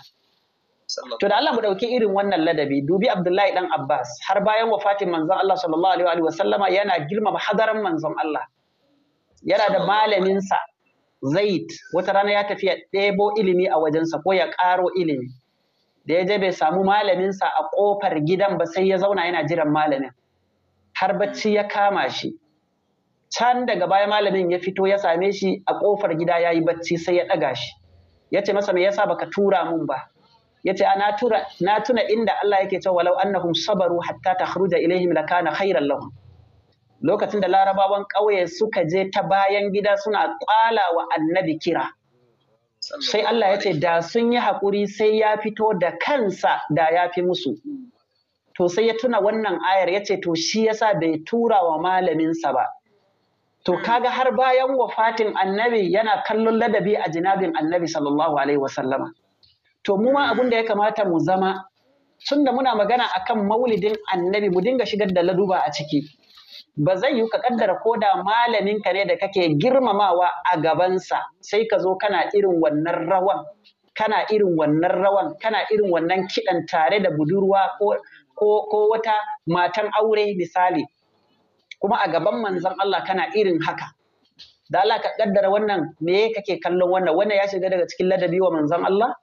To da Allah mu dauki irin wannan ladabi dubi Abdullahi dan Abbas har bayan wafatin manzon Allah sallallahu alaihi wa sallama yana girmama hadaran manzon Allah. Yana da malaminsa sa Zaid wata rana ya tafi ya ɗebo ilimi a wajensa ko ya ƙaro ilimi. Da ya je bai samu malamin sa a ƙofar gidan ba sai ya zauna yana jiran malamin. Har bacci ya kama shi. Can daga baya malamin ya fito ya same shi a ƙofar gida ya yi bacci sai ya ɗaga shi. Ya ce masa me yasa baka tura mun ba. Ya ce na tuna inda Allah yake cewa walau annahum sabaru hatta takhruja ilaihim lakana khairan lahum lokacin da larabawan ƙauye suka je ta bayan gida suna kwala wa annabi kira sai Allah ya ce da sun yi haƙuri sai ya fito da kansa da ya fi musu to sai ya tuna wannan ayar ya ce to shi yasa bai tura wa malaminsa ba to hmm. kaga har bayan wafatin annabi yana kallon ladabi a jinabin annabi sallallahu alaihi wasallama to mu ma abin da ya kamata mu zama tunda muna magana akan maulidin annabi mu dinga shigar da laduba a ciki ba zai yi ka kaddara ko da malaminka ne da kake girmamawa a gabansa sai ka zo kana irin wannan rawan kana irin wannan rawan kana irin wannan kiɗan tare da budurwa ko ko, ko wata matan aure misali kuma a gaban manzon Allah kana irin haka da Allah ka kaddara wannan me kake kallon wannan wannan ya shiga daga cikin ladabi wa manzon Allah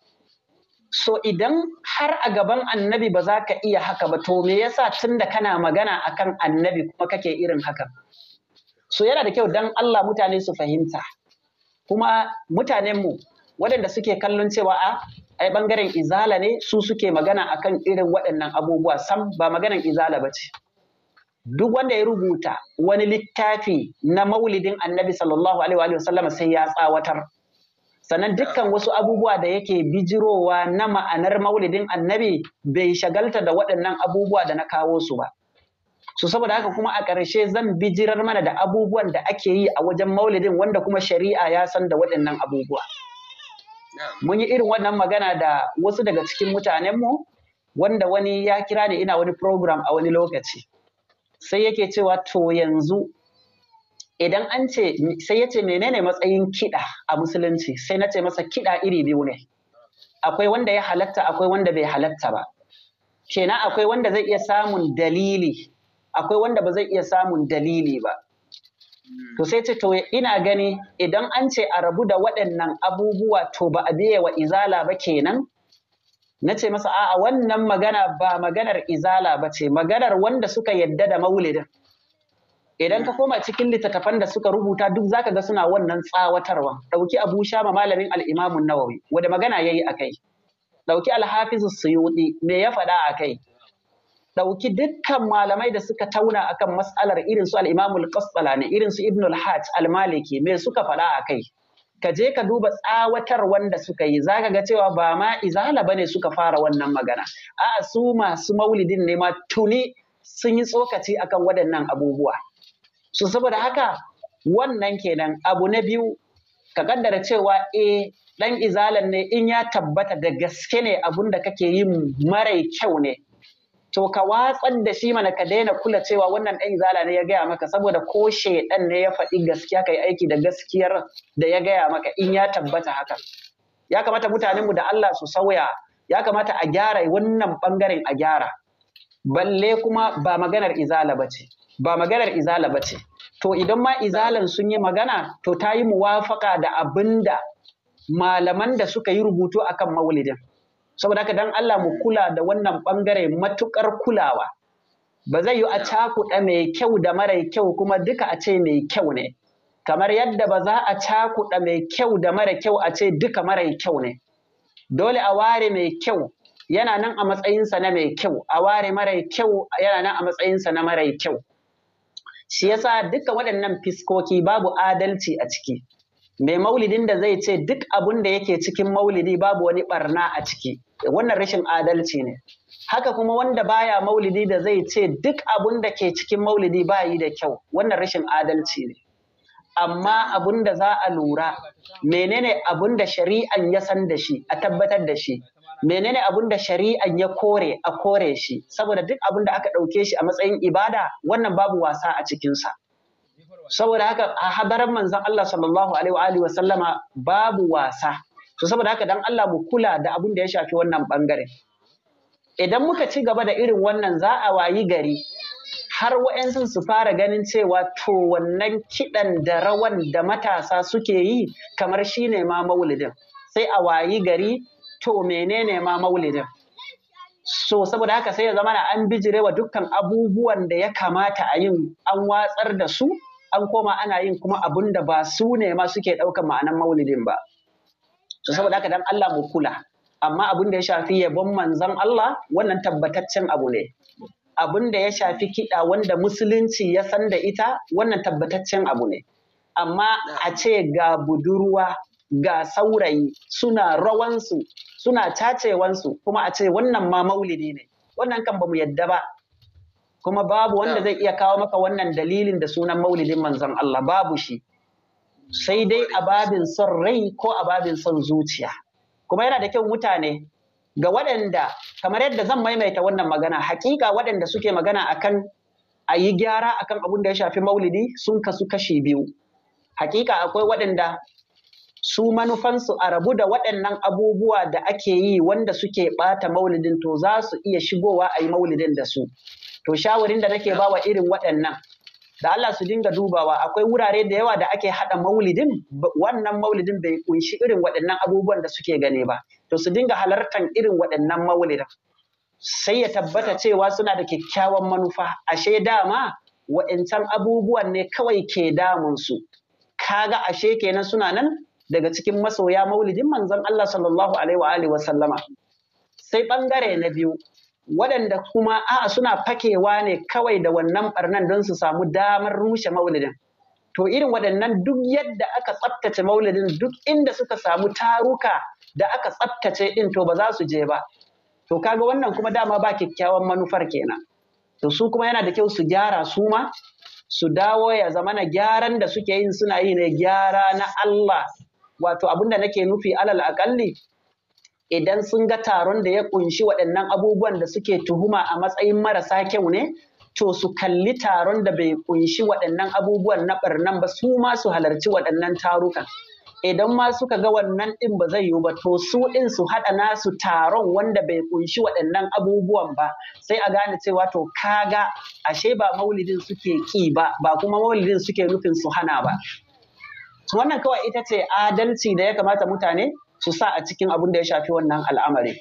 So idan har a gaban annabi ba za ka iya haka ba to me yasa tun da kana magana akan annabi kuma kake irin haka So yana da kyau dan Allah mutane su fahimta. Kuma mutanenmu waɗanda suke kallon cewa a ah, ai bangaren izala ne su suke magana akan irin waɗannan abubuwa sam ba maganan izala ba ce. Duk wanda ya rubuta wani littafi na maulidin annabi sallallahu alaihi wa sallama sai ya tsawatar. sannan dukkan wasu abubuwa da yake bijirowa na ma'anar maulidin annabi bai shagalta da waɗannan abubuwa da na kawo su ba Su saboda haka kuma a ƙarshe zan bijirar mana da abubuwan da ake yi a wajen maulidin wanda kuma shari'a ya san da waɗannan abubuwa mun yi irin wannan magana da wasu daga cikin mutanenmu wanda wani ya kira ni ina wani program a wani lokaci sai yake cewa to yanzu idan an ce sai ya ce menene matsayin kiɗa a musulunci sai na ce masa kiɗa iri biyu ne akwai wanda ya halatta akwai wanda bai halatta ba kenan akwai wanda zai iya samun dalili akwai wanda ba zai iya samun dalili ba to sai ce to ina gani idan an ce a rabu da waɗannan abubuwa to ba a biye wa izala ba kenan na ce masa a'a wannan magana ba maganar izala ba ce maganar wanda suka yadda da maulidin idan hmm. ka koma cikin littattafan da suka rubuta duk zaka ga suna wannan tsawatarwa dauki Abu ma malamin al-Imam nawawi wanda magana yayi akai dauki al-Hafiz Suyuti me ya faɗa akai dauki dukkan malamai da suka tauna akan mas'alar irin su al-Imam al-Qasbalani irin su Ibn al-Hajj al-Maliki me suka faɗa akai ka je ka duba tsawatar wanda suka yi zaka ga cewa ba ma izala bane suka fara wannan magana a'a su masu maulidin ne ma tuni sun yi tsokaci akan waɗannan abubuwa so saboda haka wannan kenan abu na biyu ka kaddara cewa eh dan izalan ne in ya tabbata da gaske ne abun da kake yi marai kyau ne to ka watsar da shi mana ka daina kula cewa wannan dan izala ne ya gaya maka saboda ko shaidan ne ya faɗi gaskiya kai aiki da gaskiyar da ya gaya maka in ya tabbata haka ya kamata mutanenmu da Allah su sauya ya kamata a gyara wannan bangaren a gyara balle kuma ba maganar izala ba ce ba maganar izala ba ce to idan ma izalan sun yi magana to ta yi muwafaka da abinda malaman da suka yi rubutu akan maulidin saboda haka dan Allah mu kula da wannan bangare matukar kulawa ba zai yi a cakuɗa mai kyau da mara kyau kuma duka a ce mai kyau ne kamar yadda ba za a cakuɗa mai kyau da mara kyau a ce duka mara kyau ne dole a ware mai kyau yana nan a matsayinsa na mai kyau a ware mara kyau yana nan a matsayinsa na mara kyau shi yasa duka waɗannan fiskoki babu adalci a ciki mai maulidin da zai ce duk abun da yake cikin maulidi babu wani barna a ciki wannan rashin adalci ne haka kuma wanda baya maulidi da zai ce duk abun da ke cikin maulidi ba yi da kyau wannan rashin adalci ne amma abun da za a lura menene abun da shari'an ya san da shi a tabbatar da shi menene abin da shari'an ya kore a kore shi saboda duk abin da aka ɗauke shi a matsayin ibada wannan babu wasa a cikinsa saboda haka a hadaran manzon Allah sallallahu alaihi wa sallama babu wasa to saboda haka dan Allah mu kula da abin da ya shafi wannan bangare idan muka ci gaba da irin wannan za a wayi gari har wa'yansu su fara ganin cewa to wannan kiɗan da rawan da matasa suke yi kamar shine ma maulidin sai a wayi gari to menene ma maulidin so saboda haka sai ya zama an bijirewa dukkan abubuwan da ya kamata a yin an watsar da su an koma ana yin kuma abun da ba su ne ma suke ɗaukan ma'anan maulidin ba so saboda haka dan Allah mu kula amma abun da ya shafi yabon manzon Allah wannan tabbataccen abu ne abun da ya shafi kiɗa wanda musulunci ya san da ita wannan tabbataccen abu ne amma a ce ga budurwa ga saurayi suna rawansu suna cacewansu kuma a ce wannan ma maulidi ne wannan kan mu yadda ba kuma babu wanda zai iya kawo maka wannan dalilin da sunan maulidin manzon Allah babu shi sai dai a babin son rai ko a babin son zuciya kuma yana da kyau mutane ga waɗanda kamar yadda zan maimaita wannan magana hakika waɗanda suke magana akan a yi gyara akan abun da ya shafi maulidi sun kasu kashi biyu hakika akwai waɗanda su manufansu a rabu da waɗannan abubuwa da ake yi wanda suke ɓata maulidin to za su iya shigowa a yi maulidin da su. To shawarin da nake bawa irin waɗannan da Allah su dinga dubawa akwai wurare da yawa da ake haɗa maulidin wannan maulidin bai kunshi irin waɗannan abubuwan da suke gane ba to su dinga halartan irin waɗannan maulidin sai ya tabbata cewa suna da kyakkyawan manufa ashe dama wa'incan abubuwan ne kawai ke damun su kaga ashe kenan suna nan daga cikin masoya maulidin manzon Allah sallallahu alaihi wa alihi wasallama sai bangare na biyu waɗanda kuma a'a suna fakewa ne kawai da wannan barnan don su samu damar rushe maulidin to irin waɗannan duk yadda aka tsaftace maulidin duk inda suka samu taruka da aka tsaftace din to ba za su je ba to kaga wannan kuma dama ba kyakkyawan manufar kenan to su kuma yana da kyau su gyara su ma su dawo ya zamana gyaran da suke yin suna yi ne gyara na Allah wato abin da nake nufi alal aƙalli idan sun ga taron da ya ƙunshi waɗannan abubuwan da suke tuhuma a matsayin marasa kyau ne to su kalli taron da bai ƙunshi waɗannan abubuwan na ɓarnan ba su ma su halarci waɗannan tarukan idan ma suka ga wannan ɗin ba zai yiwu ba to su ɗin su haɗa nasu taron wanda bai kunshi waɗannan abubuwan ba sai a gane cewa to kaga ashe ba maulidin suke ƙi ba ba kuma maulidin suke nufin su hana ba wannan kawai ita ce adalci da ya kamata mutane su sa a cikin abun da ya shafi wannan al'amari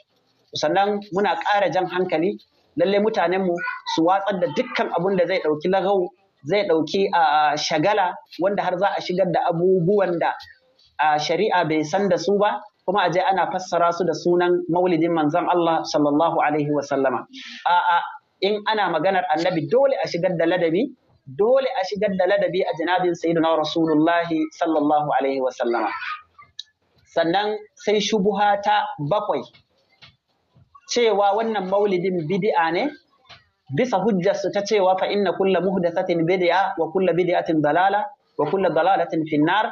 sannan muna ƙara jan hankali lalle mutanenmu su watsar da dukkan abun da zai ɗauki lagau zai ɗauki a shagala wanda har za a shigar da abubuwan da a shari'a bai san da su ba kuma a je ana fassara su da sunan maulidin manzon Allah sallallahu alaihi wa sallama a'a in ana maganar annabi dole a shigar da ladabi dole a shigar da ladabi a janabin sayyidina rasulullahi sallallahu alaihi sallama. sannan sai shubuha ta bakwai cewa wannan maulidin bid'a ne bisa hujjarsu ta cewa fa inna kulla muhdathatin bid'a wa kulla bid'atin dalala wa kulla dalalatin finnar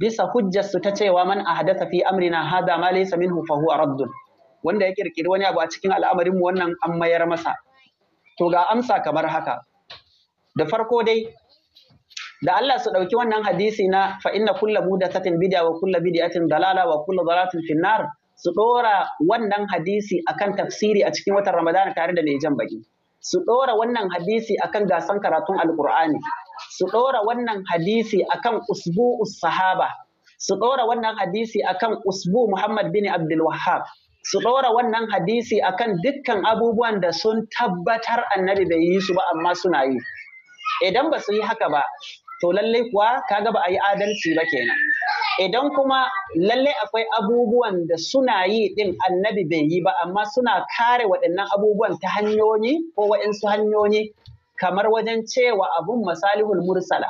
bisa hujjarsu ta cewa man ahdatha fi amrina hada ma laysa minhu fa huwa raddun wanda ya kirkiri wani abu a cikin al'amarin mu wannan an mayar masa to ga amsa kamar haka da farko dai da Allah su ɗauki wannan hadisi na fa inna kulla mudathatin bid'a wa kulla bid'atin dalala wa kulla dalalatin finnar su ɗora wannan hadisi akan tafsiri a cikin watan Ramadana tare da mai jan baki su ɗora wannan hadisi akan gasan karatun alkur'ani su ɗora wannan hadisi akan usbu'us sahaba su ɗora wannan hadisi akan usbu Muhammad bin Abdul Wahhab su ɗora wannan hadisi akan dukkan abubuwan da sun tabbatar annabi bai yi su ba amma suna yi idan ba su yi haka ba to lallai kuwa kaga ba a yi adalci ba kenan idan kuma lallai akwai abubuwan da suna yi din annabi bai yi ba amma suna kare waɗannan abubuwan ta hanyoyi ko waɗansu hanyoyi kamar wajen cewa abun masalihul mursala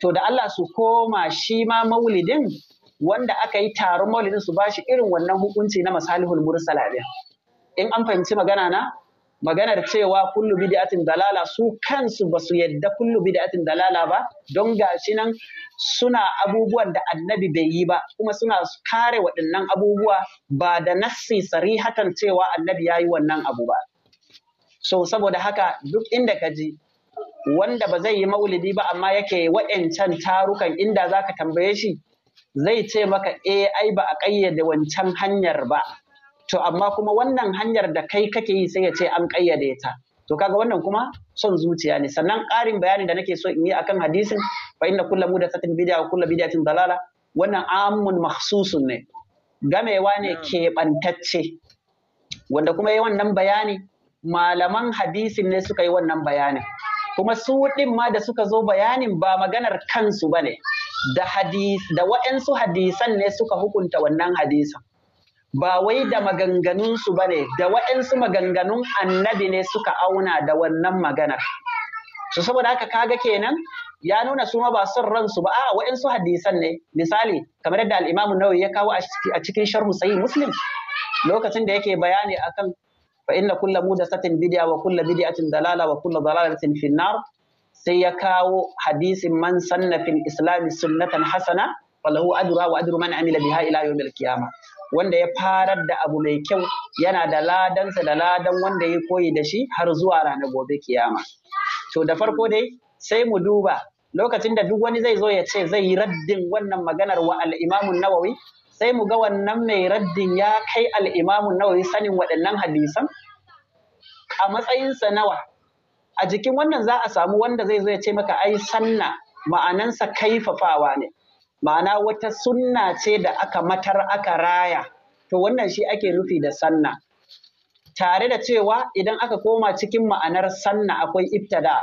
to da Allah su koma shi ma maulidin wanda aka yi taron maulidin su bashi irin wannan hukunci na masalihul mursala din in an fahimci magana na maganar cewa kullu bid'atin dalala su kansu ba su yadda kullu bid'atin dalala ba don gashi nan suna abubuwan da annabi bai yi ba kuma suna kare waɗannan abubuwa ba da nassi sarihatan cewa annabi ya yi wannan abu ba so saboda haka duk inda ka ji wanda ba zai yi maulidi ba amma yake waɗancan tarukan inda za ka tambaye shi zai ce maka eh ai ba a ƙayyade wancan hanyar ba to amma kuma wannan hanyar da kai kake yi sai ya ce an kayyade ta to kaga wannan kuma son zuciya ne sannan ƙarin bayani da nake so in yi akan hadisin fa inna kullu satin bid'a wa kullu bid'atin dalala wannan amun mahsusun ne gamewa ne ke bantacce wanda kuma yi wannan bayani malaman hadisin ne suka yi wannan bayanin kuma su din ma da suka zo bayanin ba maganar kansu bane da hadis da waɗansu hadisan ne suka hukunta wannan hadisan ba wai da maganganunsu ba ne da waɗansu maganganun annabi ne suka auna da wannan maganar su saboda haka kaga kenan ya nuna su ma ba son ransu ba a waɗansu hadisan ne misali kamar yadda al'imamu imam Nawawi ya kawo a cikin sharhu sahih Muslim lokacin da yake bayani akan fa inna kullu mudasatin bid'a wa kulla bid'atin dalala wa kullu dalalatin fin sai ya kawo hadisin man sanna fil islam sunnatan hasana falahu ajruha wa ajru man amila biha ila yawmil qiyamah wanda ya farar da abu mai kyau yana da ladansa da ladan wanda ya koyi da shi har zuwa rana gobe kiyama to da farko dai sai mu duba lokacin da duk wani zai zo ya ce zai yi raddin wannan maganar wa al Nawawi sai mu ga wannan mai raddin ya kai al'imamun Nawawi sanin waɗannan hadisan a matsayinsa nawa a jikin wannan za a samu wanda zai zo ya ce maka ai sanna ma'anansa kaifafawa ne ma'ana wata sunna ce da aka matar aka raya to wannan shi ake nufi da sanna tare da cewa idan aka koma cikin ma'anar sanna akwai ibtada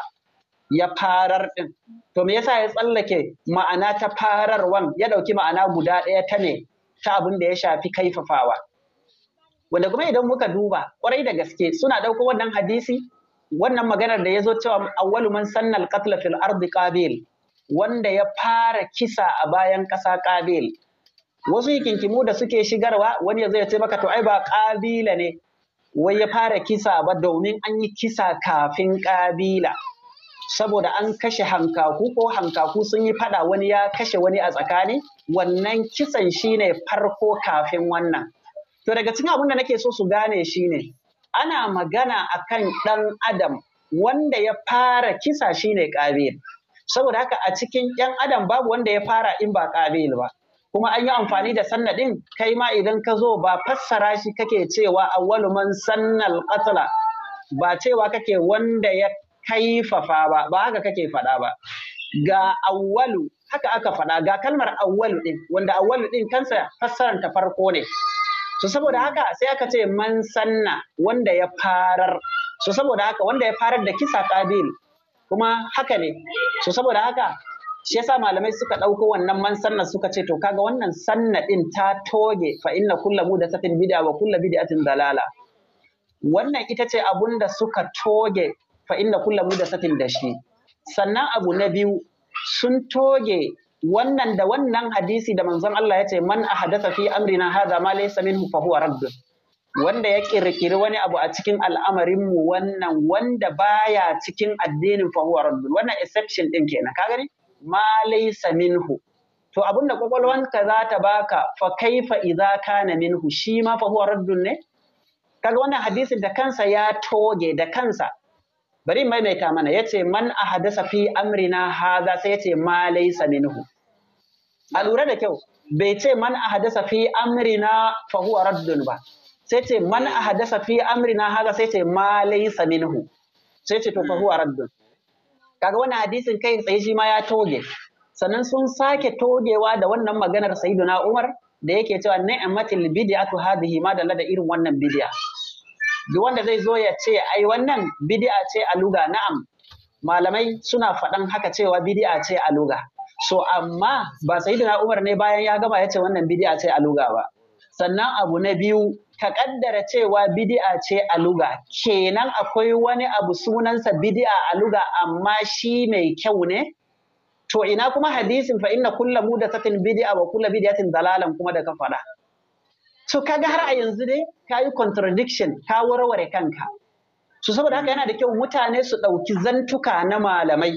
ya farar din to me yasa ya tsallake ma'ana ta fararwan ya dauki ma'ana guda ɗaya ta ne ta abin da ya shafi kaifafawa wanda kuma idan muka duba kwarai da gaske suna ɗauko wannan hadisi wannan maganar da ya zo cewa awwalu man sanna al-qatl fil ardi qabil wanda ya fara kisa a bayan ƙasa ƙabil wasu kinkimu da suke shigarwa wani ya zai ce maka to ai ba ƙabila ne wai ya fara kisa ba domin an yi kisa kafin ƙabila saboda an kashe hankaku ko hankaku sun yi fada wani ya kashe wani a tsakani wannan kisan shine farko kafin wannan to daga cikin abin da nake so su gane shine ana magana akan ɗan adam wanda ya fara kisa shine ƙabil saboda haka a cikin yan adam babu wanda ya fara in ba ƙabil ba kuma an yi amfani da ɗin kai ma idan ka zo ba fassara shi kake cewa awwalu man sannal qatla ba cewa kake wanda ya kaifafa ba ba haka kake faɗa ba ga awwalu haka aka faɗa ga kalmar awwalu ɗin wanda awwalu ɗin kansa fassarar ta farko ne so saboda haka sai aka ce man sanna wanda ya farar so saboda haka wanda ya farar da kisa qabil kuma haka ne so saboda haka shi yasa malamai suka ɗauko wannan man sannan suka ce to kaga wannan sanna ɗin ta toge fa inna kulla safin bid'a wa kulla bid'atin dalala wannan ita ce abun da suka toge fa inna kulla safin da shi sannan abu na biyu sun toge wannan da wannan hadisi da manzon Allah ya ce man ahadatha fi amrina hadha ma laysa minhu fa huwa raddun wanda ya ƙirƙiri wani abu a cikin al'amarinmu wannan wanda baya cikin addinin fahuwa wannan exception din kenan ka gani ma laysa minhu to abinda kwakwalwan ka za ta baka fa kaifa idza kana minhu shi ma fahuwa ne kaga wannan hadisin da kansa ya toge da kansa bari maimaita mana yace man ahadasa fi amrina haza sai yace ma laysa minhu a lura da kyau bai ce man ahadasa fi amrina fahuwa raddul ba sai ce man hadasa fi amrina haza sai ce ma laysa minhu sai ce to fa huwa raddun kaga wani hadisin kai tsaye shi ma ya toge sannan sun sake togewa da wannan maganar na Umar da yake cewa ni'matil bid'atu hadhihi ma dalla da irin wannan bid'a duk wanda zai zo ya ce ai wannan bid'a ce a luga na'am malamai suna faɗan haka cewa bid'a ce a luga so amma ba na Umar ne bayan ya gama ya ce wannan bid'a ce a luga ba sannan abu na biyu ka kaddara cewa bidi'a ce a luga kenan akwai wani abu sunansa bidi'a a luga amma shi mai kyau ne to ina kuma hadisin fa inna kulla mudathatin bidi'a wa kulla bidi'acin dalalan kuma da ka faɗa to kaga har a yanzu dai yi contradiction ka warware kanka su saboda haka yana da kyau mutane su ɗauki zantuka na malamai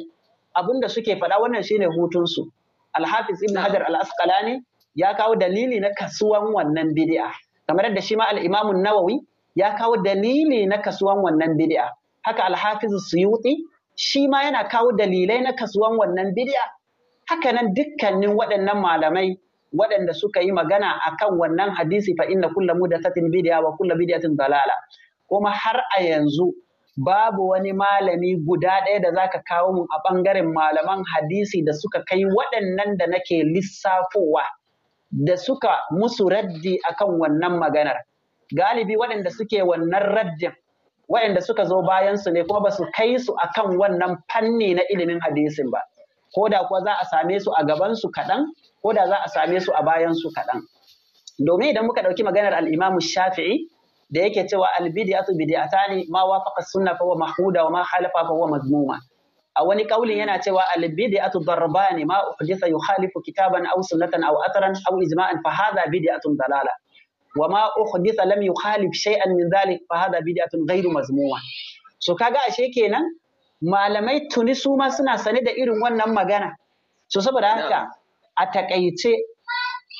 abinda suke faɗa wannan shine hutunsu alhafiz ibn hajar al-asqalani ya kawo dalili na kasuwan wannan bidi'a. kamar yadda shi ma al nawawi ya kawo dalili na kasuwan wannan bid'a haka al-Hafiz Suyuti shi ma yana kawo dalilai na kasuwan wannan bid'a haka nan dukkanin waɗannan malamai waɗanda suka yi magana akan wannan hadisi fa inna kullu mudathatin bid'a wa kullu bid'atin dalala kuma har a yanzu babu wani malami guda ɗaya da zaka kawo mun a ɓangaren malaman hadisi da suka kai waɗannan da nake lissafowa da suka musu raddi akan wannan maganar galibi waɗanda suke wannan raddin waɗanda suka zo bayansu ne kuma ba su kai su akan wannan fanni na ilimin hadisin ba ko da kuwa za a same su a gabansu kaɗan ko da za a same su a bayansu kaɗan domin idan muka ɗauki maganar al'imamu Shafi'i da yake cewa albidiyatu bidiyatani ma wafaqa sunna fa wa mahuda wa ma halafa fa wa mazmuma a wani kaulin yana cewa albid'atu darbani ma uhdisa yukhalifu kitaban aw sunnatan aw atharan aw ijma'an fa hadha bid'atun dalala wa ma uhditha lam yukhalif shay'an min dhalik fa hadha bid'atun ghairu mazmuma so kaga ashe kenan malamai tuni su ma suna sane da irin wannan magana so saboda haka a takaice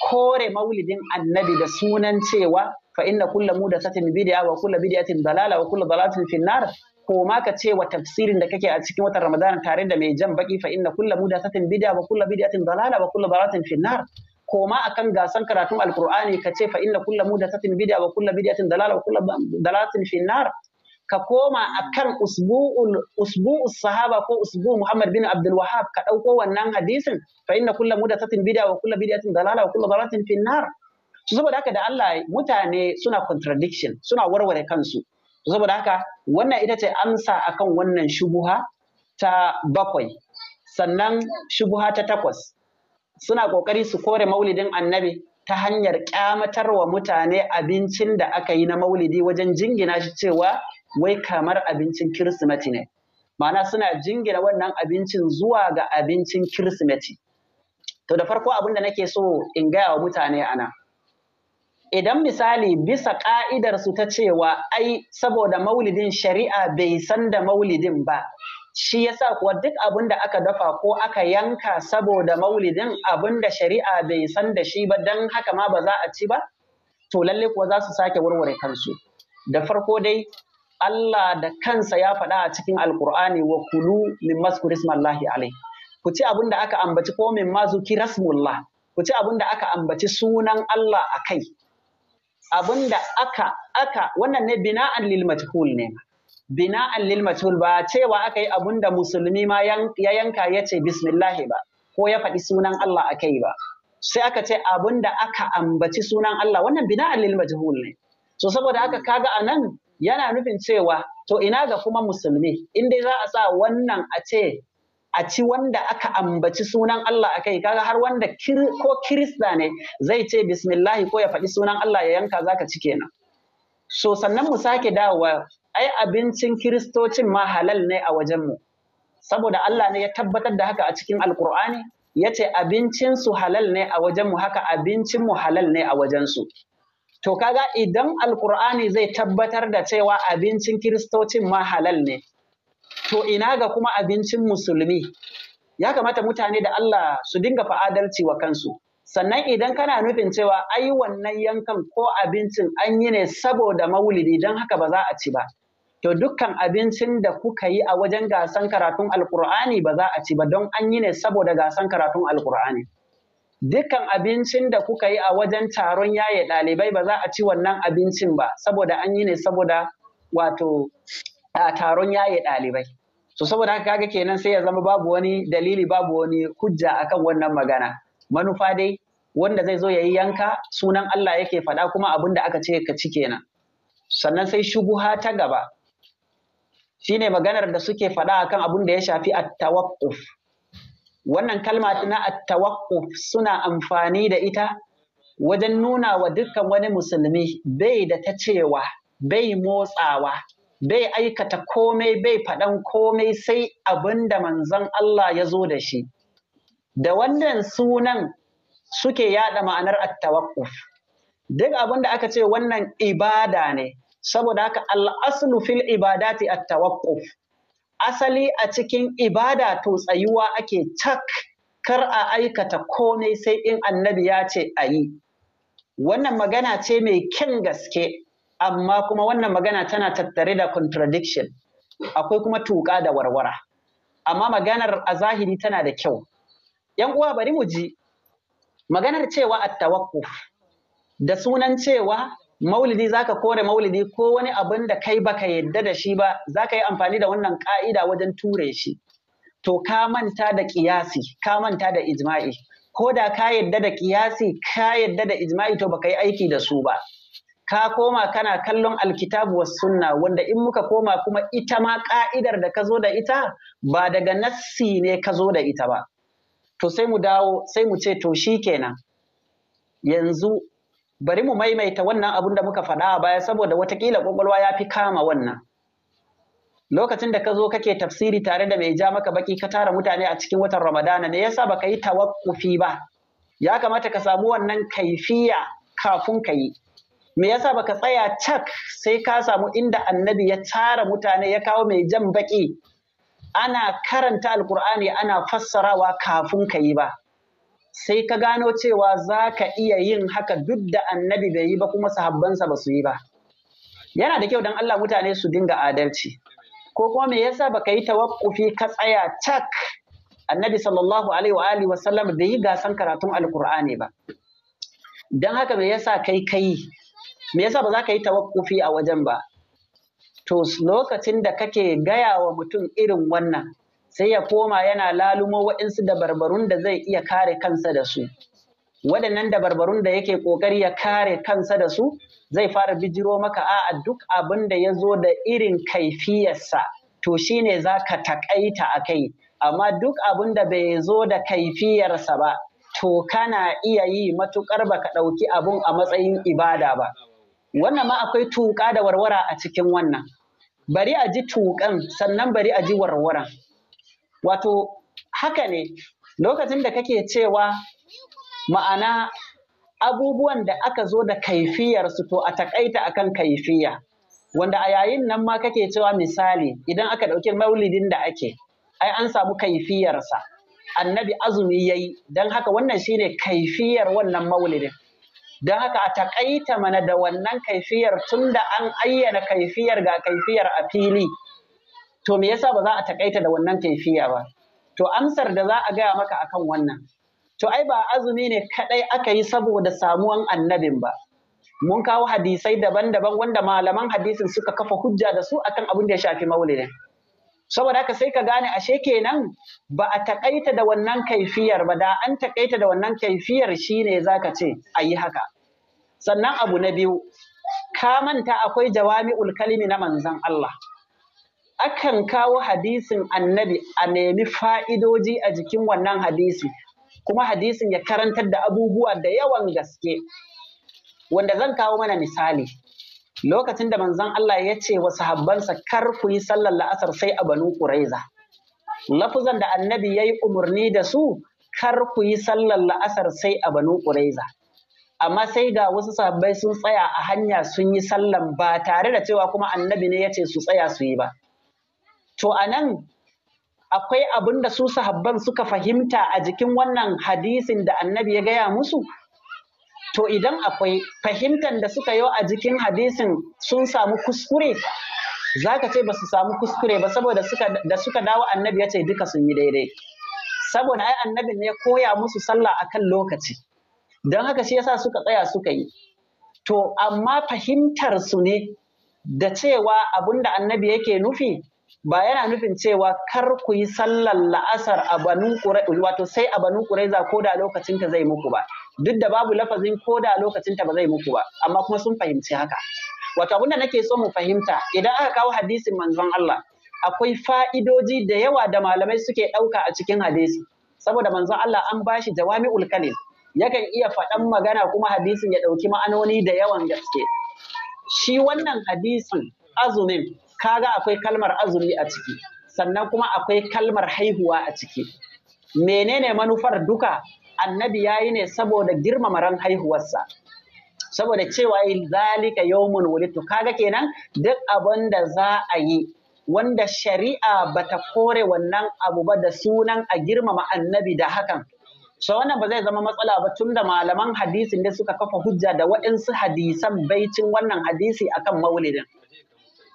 kore maulidin annabi da sunan cewa fa inna kulla mudathatin bid'a wa kulla bid'atin dalala wa kulla dalalatin finnar koma ka ce wa tafsirin da kake a cikin watan Ramadan tare da mai jan baki fa inna kullu mudathatin bid'a wa kullu bid'atin dalala wa kullu dalalatin fi nar koma akan gasan karatun alqur'ani ka ce fa inna kullu mudathatin bid'a wa kullu bid'atin dalala wa kullu dalalatin fi ka koma akan usbu'ul usbu'us sahaba ko usbu Muhammad bin Abdul Wahhab ka dauko wannan hadisin fa inna kullu mudathatin bid'a wa kullu bid'atin dalala wa kullu dalalatin fi nar saboda haka da Allah mutane suna contradiction suna warware kansu saboda haka wannan ita ce amsa akan wannan shubuha ta bakwai sannan shubuha ta takwas suna ƙoƙari su kore maulidin annabi ta hanyar ƙyamatar mutane abincin da aka yi na maulidi wajen jingina shi cewa wai kamar abincin kirsimeti ne ma'ana suna jingina wannan abincin zuwa ga abincin kirsimeti to da farko abin da nake so in gaya wa mutane a nan. idan misali bisa ƙa'idar su ta cewa ai saboda maulidin shari'a bai san da maulidin ba shi yasa kuwa duk abin da aka dafa ko aka yanka saboda maulidin abin da shari'a bai san da shi ba don haka ma ba za a ci ba to lalle kuwa za su sake warware kansu da farko dai Allah da kansa ya faɗa a cikin alkur'ani wa kulu min maskurismallahi alai ku ci abin da aka ambaci ko min ma rasmullah ku ci abin da aka ambaci sunan Allah a kai abinda aka aka wannan ne bina'an lil majhul ne bina'an lil majhul ba cewa aka yi abinda musulmi ma ya yanka ya ce bismillahi ba ko ya faɗi sunan Allah akai ba sai aka ce abinda aka ambaci sunan Allah wannan bina'an lil majhul ne To saboda aka kaga anan yana nufin cewa to ina ga kuma musulmi in dai za a sa wannan a ce a ci wanda aka ambaci sunan Allah a kai kaga har wanda ko kirista ne zai ce bismillahi ko ya faɗi sunan Allah ya yanka zaka ci kenan so sannan mu sake dawowa ai abincin kiristocin ma halal ne a wajen mu saboda Allah ne ya tabbatar da haka a cikin alkur'ani ya ce abincin su halal ne a wajenmu haka mu halal ne a wajen su to kaga idan alkur'ani zai tabbatar da cewa abincin kiristocin ma halal ne to ina ga kuma abincin musulmi ya kamata mutane da Allah su dinga fa'adalci wa kansu sannan idan kana nufin cewa ai wannan yankan ko abincin an yi ne saboda maulidi don haka ba za a ci ba to dukkan abincin da kuka yi a wajen gasan karatun alkur'ani ba za a ci ba don an yi ne saboda gasan karatun alkur'ani dukkan abincin da kuka yi a wajen taron yaye ɗalibai ba za a ci wannan abincin ba saboda an yi ne saboda wato taron yaye ɗalibai so saboda haka kaga kenan sai ya zama babu wani dalili babu wani hujja akan wannan magana manufa dai wanda zai zo ya yi yanka sunan Allah yake faɗa kuma abin da aka ce ka ci kenan sannan sai shubuha ta gaba shine maganar da suke faɗa akan abin da ya shafi at-tawaqquf wannan kalma na at suna amfani da ita wajen nuna wa dukkan wani musulmi bai da ta cewa bai motsawa bai aikata komai bai faɗan komai sai abin da manzon Allah ya zo da shi. Da wannan sunan suke yaɗa ma'anar attawakuf. Duk abin da aka ce wannan ibada ne, saboda haka al'aslu fil ibadati attawakuf. Asali a cikin ibada to tsayuwa ake cak kar a aikata komai sai in annabi ya ce a yi. Wannan magana ce mai kyan gaske. amma kuma wannan magana tana tattare da contradiction akwai kuma tuƙa da warwara amma maganar a zahiri tana da kyau yan uwa bari mu ji maganar cewa at-tawakkuf da sunan cewa maulidi zaka kore maulidi ko wani abin da kai baka yadda da shi ba zaka yi amfani da wannan ka'ida wajen ture shi to ka manta da kiyasi ka manta da ijma'i ko da ka yadda da kiyasi ka yadda da ijma'i to baka yi aiki da su ba ka koma kana kallon alkitabu wa sunna wanda in muka koma kuma ita ma ka'idar da ka zo da ita ba daga nassi ne ka zo da ita ba to sai mu dawo sai mu ce to shi kenan. yanzu bari mu maimaita wannan abun da muka faɗa a baya saboda watakila ƙwaƙwalwa ya fi kama wannan lokacin da ka zo kake tafsiri tare da mai ja maka baki ka tara mutane a cikin watan ramadana ne yasa baka yi tawakkufi ba ya kamata ka samu wannan kaifiya kafin ka yi me yasa baka tsaya cak sai ka samu inda annabi ya tara mutane ya kawo mai jan baki ana karanta alkur'ani ana fassarawa kafin ka yi ba sai ka gano cewa za ka iya yin haka duk da annabi bai yi ba kuma sahabbansa ba su yi ba yana da kyau don Allah mutane su dinga adalci ko kuma me yasa baka yi tawakkufi ka tsaya cak annabi sallallahu alaihi wa alihi wasallam bai yi gasan karatun alkur'ani ba dan haka me yasa kai kai me yasa ba za ka yi tawakkufi a wajen ba to lokacin da kake gaya wa mutum irin wannan sai ya koma yana lalumo waɗansu dabarbarun da zai iya kare kansa da su waɗannan dabarbarun da yake ƙoƙari ya kare kansa da su zai fara bijiro maka a'a duk abin da ya zo da irin kaifiyarsa to shine za ka taƙaita a kai amma duk abin da bai zo da kaifiyarsa ba to kana iya yi matuƙar baka ɗauki abun a matsayin ibada ba. wannan ma akwai tuƙa da warwara a cikin wannan bari a ji tuƙan sannan bari a ji warwaran wato haka ne lokacin da kake cewa ma'ana abubuwan da aka zo da kaifiyarsu to a takaita akan kaifiya wanda a yayin nan ma kake cewa misali idan aka ɗauki maulidin da ake ai an samu kaifiyarsa annabi azumi yayi don haka wannan shine kaifiyar wannan maulidin don haka a takaita mana da wannan kaifiyar tunda an ayyana kaifiyar ga kaifiyar a fili to me yasa ba za a takaita da wannan kaifiya ba to amsar da za a gaya maka akan wannan to ai ba azumi ne kadai aka yi saboda samuwan annabin ba mun kawo hadisai daban-daban wanda malaman hadisin suka kafa hujja da su akan abin da ya shafi maulidin saboda haka sai ka gane ashe kenan ba a takaita da wannan kaifiyar ba da an takaita da wannan kaifiyar shine zaka ce ayi haka sannan abu na biyu ka manta akwai jawami'ul kalimi na manzon Allah akan kawo hadisin annabi a nemi fa'idoji a jikin wannan hadisi kuma hadisin ya karantar da abubuwa da yawan gaske wanda zan kawo mana misali lokacin da manzon Allah ya ce wa sahabbansa kar ku yi sallar la'asar sai a banu Quraiza lafuzan da annabi ya yi umarni da su kar ku yi sallar la'asar sai a banu Quraiza amma sai ga wasu sahabbai sun tsaya a hanya sun yi sallan ba tare da cewa kuma annabi ne ya ce su tsaya su yi ba to anan akwai abin da su sahabban suka fahimta a jikin wannan hadisin da annabi ya gaya musu to idan akwai fahimtar da suka yi a jikin hadisin sun samu kuskure za ka ce ba su samu kuskure ba saboda da suka dawo annabi ya ce duka sun yi daidai saboda ai annabi ne ya koya musu sallah akan lokaci don haka shi yasa suka tsaya suka yi to amma fahimtar su ne da cewa abin da annabi yake nufi ba yana nufin cewa kar ku yi sallar la'asar a banu wato sai a banu ko da lokacin zai muku ba duk da babu lafazin koda lokacin ta ba zai muku ba amma kuma sun fahimci haka wato abinda nake so mu fahimta idan aka kawo hadisin manzon Allah akwai fa'idoji da yawa da malamai suke ɗauka a cikin hadisi saboda manzon Allah an bashi jawami'ul kalim yakan iya faɗan magana kuma hadisin ya ɗauki ma'anoni da yawan gaske shi wannan hadisin azumin kaga akwai kalmar azumi a ciki sannan kuma akwai kalmar haihuwa a ciki menene manufar duka annabi ya yi ne saboda girmama ran haihuwarsa saboda cewa zalika yawmun wulidtu kaga kenan duk abin da za a yi wanda shari'a bata kore wannan abu ba da sunan a girmama annabi da hakan so wannan ba zai zama matsala ba tun da malaman hadisin da suka kafa hujja da waɗansu hadisan baicin wannan hadisi akan maulidin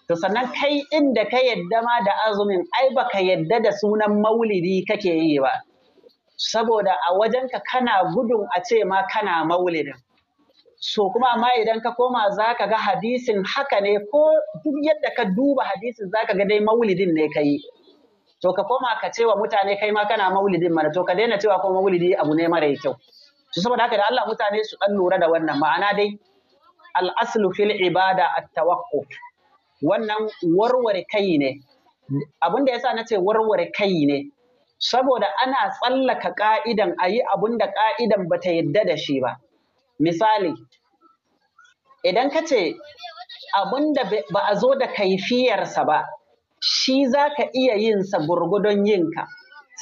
to sannan kai inda ka yadda ma da azumin ai baka yadda da sunan maulidi kake yi ba saboda a wajenka kana gudun a ce ma kana maulidin so kuma amma idan ka koma za ka ga hadisin haka ne ko duk yadda ka duba hadisin za ka ga dai maulidin ne ka yi to ka koma ka ce wa mutane kai ma kana maulidin mana to ka daina cewa ko maulidi abu ne mara kyau to saboda haka da Allah mutane su dan lura da wannan ma'ana dai al-aslu fil ibada at-tawaqquf wannan warware kai ne abinda yasa na ce warware kai ne saboda ana tsallaka ƙa'idan a yi abin da ƙa'idan ba ta yadda da shi ba. Misali, idan ka ce abin da ba a zo da kaifiyarsa ba, shi za ka iya yinsa gurgudun yinka,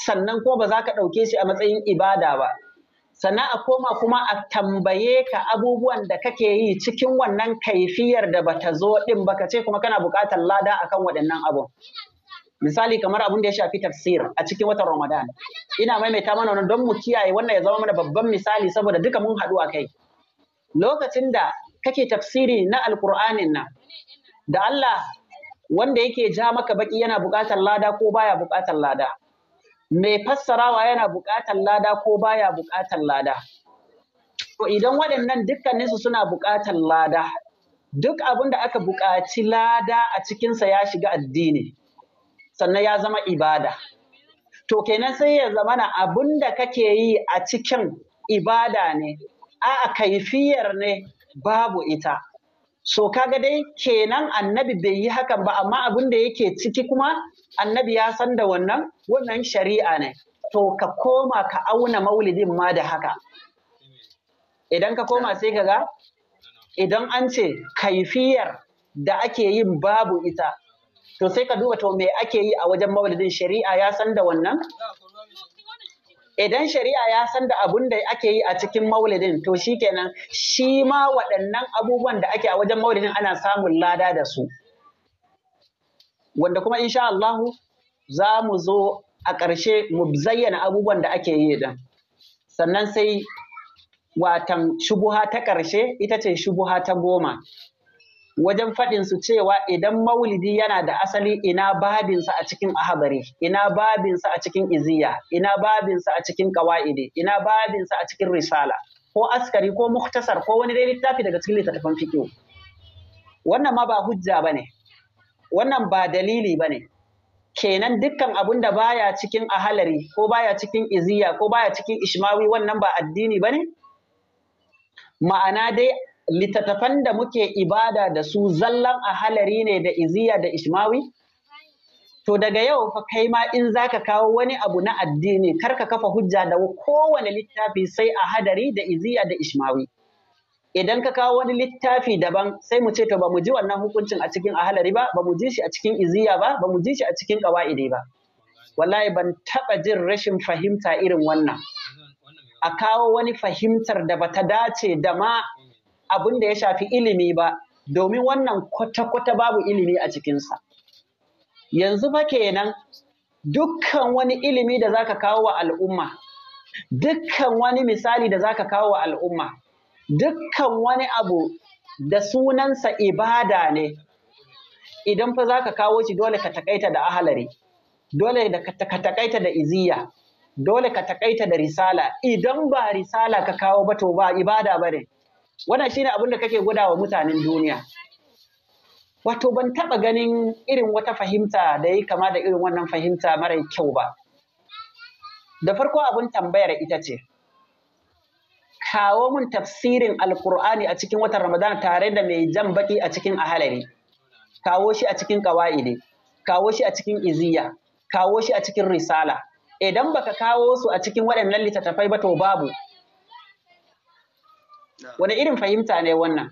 sannan ko ba za ka ɗauke shi a matsayin ibada ba. Sannan a koma kuma a tambaye ka abubuwan da kake yi cikin wannan kaifiyar da ba ta zo ɗin ba ka ce kuma kana buƙatar lada akan waɗannan abun. misali kamar abin da ya shafi tafsir a cikin watan Ramadan ina maimaita mana wannan don mu kiyaye wannan ya zama mana babban misali saboda duka mun haɗu a kai lokacin da kake tafsiri na alkur'anin nan da Allah wanda yake ja maka baki yana buƙatar lada ko baya buƙatar lada mai fassarawa yana buƙatar lada ko baya buƙatar lada to idan waɗannan dukkaninsu suna buƙatar lada duk abin da aka buƙaci lada a cikinsa ya shiga addini sannan ya zama ibada to kenan sai ya zamana abin da kake yi a cikin ibada ne a'a kaifiyar ne babu ita so kaga dai kenan annabi bai yi hakan ba amma abin da yake ciki kuma annabi ya san da wannan wannan shari'a ne to ka koma ka auna maulidin ma da haka idan ka koma sai ka ga idan an ce kaifiyar da ake yin babu ita to sai ka duba to me ake yi a wajen maulidin shari'a ya san da wannan idan shari'a ya san da abun da ake yi a cikin maulidin to shikenan shi ma waɗannan abubuwan da ake a wajen maulidin ana samun lada da su wanda kuma insha Allahu za mu zo a ƙarshe mu zayyana abubuwan da ake yi din sannan sai watan shubuha ta ƙarshe ita ce shubuha ta goma wajen faɗin su cewa idan maulidi yana da asali ina babinsa a cikin ahabari ina babinsa a cikin iziya ina babinsa a cikin kawaidi ina babinsa a cikin risala ko askari ko muktasar ko wani dai littafi daga cikin littattafan fiqh wannan ma ba hujja bane wannan ba dalili bane kenan dukkan abun da baya cikin ahalari ko baya cikin iziya ko baya cikin ishmawi wannan ba addini bane ma'ana dai littattafan da muke ibada da su zallan a halari ne da iziya da ishmawi? To daga yau fa kai ma in za ka kawo wani abu na addini kar ka kafa hujja da kowane littafi sai a hadari da iziya da ishmawi. Idan ka kawo wani littafi daban sai mu ce to ba mu ji wannan hukuncin a cikin ahalari ba, ba mu ji shi a cikin iziya ba, ba mu ji shi a cikin ƙawa'idi ba. Wallahi ban taɓa jin rashin fahimta irin wannan. a kawo wani fahimtar da bata dace da ma abin da ya shafi ilimi ba domin wannan kwata-kwata babu ilimi a cikinsa. Yanzu fa kenan dukkan wani ilimi da zaka kawo wa al'umma, dukkan wani misali da zaka kawo wa al'umma, dukkan wani abu da sunansa ibada ne, idan fa zaka kawo shi dole ka takaita da ahalari, dole ka takaita da iziya, dole ka takaita da risala, idan ba risala ka kawo ba to ba ibada ba ne. Wannan shi ne abinda da kake gwada wa mutanen duniya. Wato ban taɓa ganin irin wata fahimta da ya kama da irin wannan fahimta mara kyau ba. Da farko abin tambayar ita ce, kawo mun tafsirin Alƙur'ani a cikin watan Ramadan tare da mai jan baki a cikin ahalari, kawo shi a cikin ƙawa'ide, kawo shi a cikin iziya, kawo shi a cikin risala. Idan baka kawo su a cikin waɗannan littattafai ba to babu, wani irin fahimta ne wannan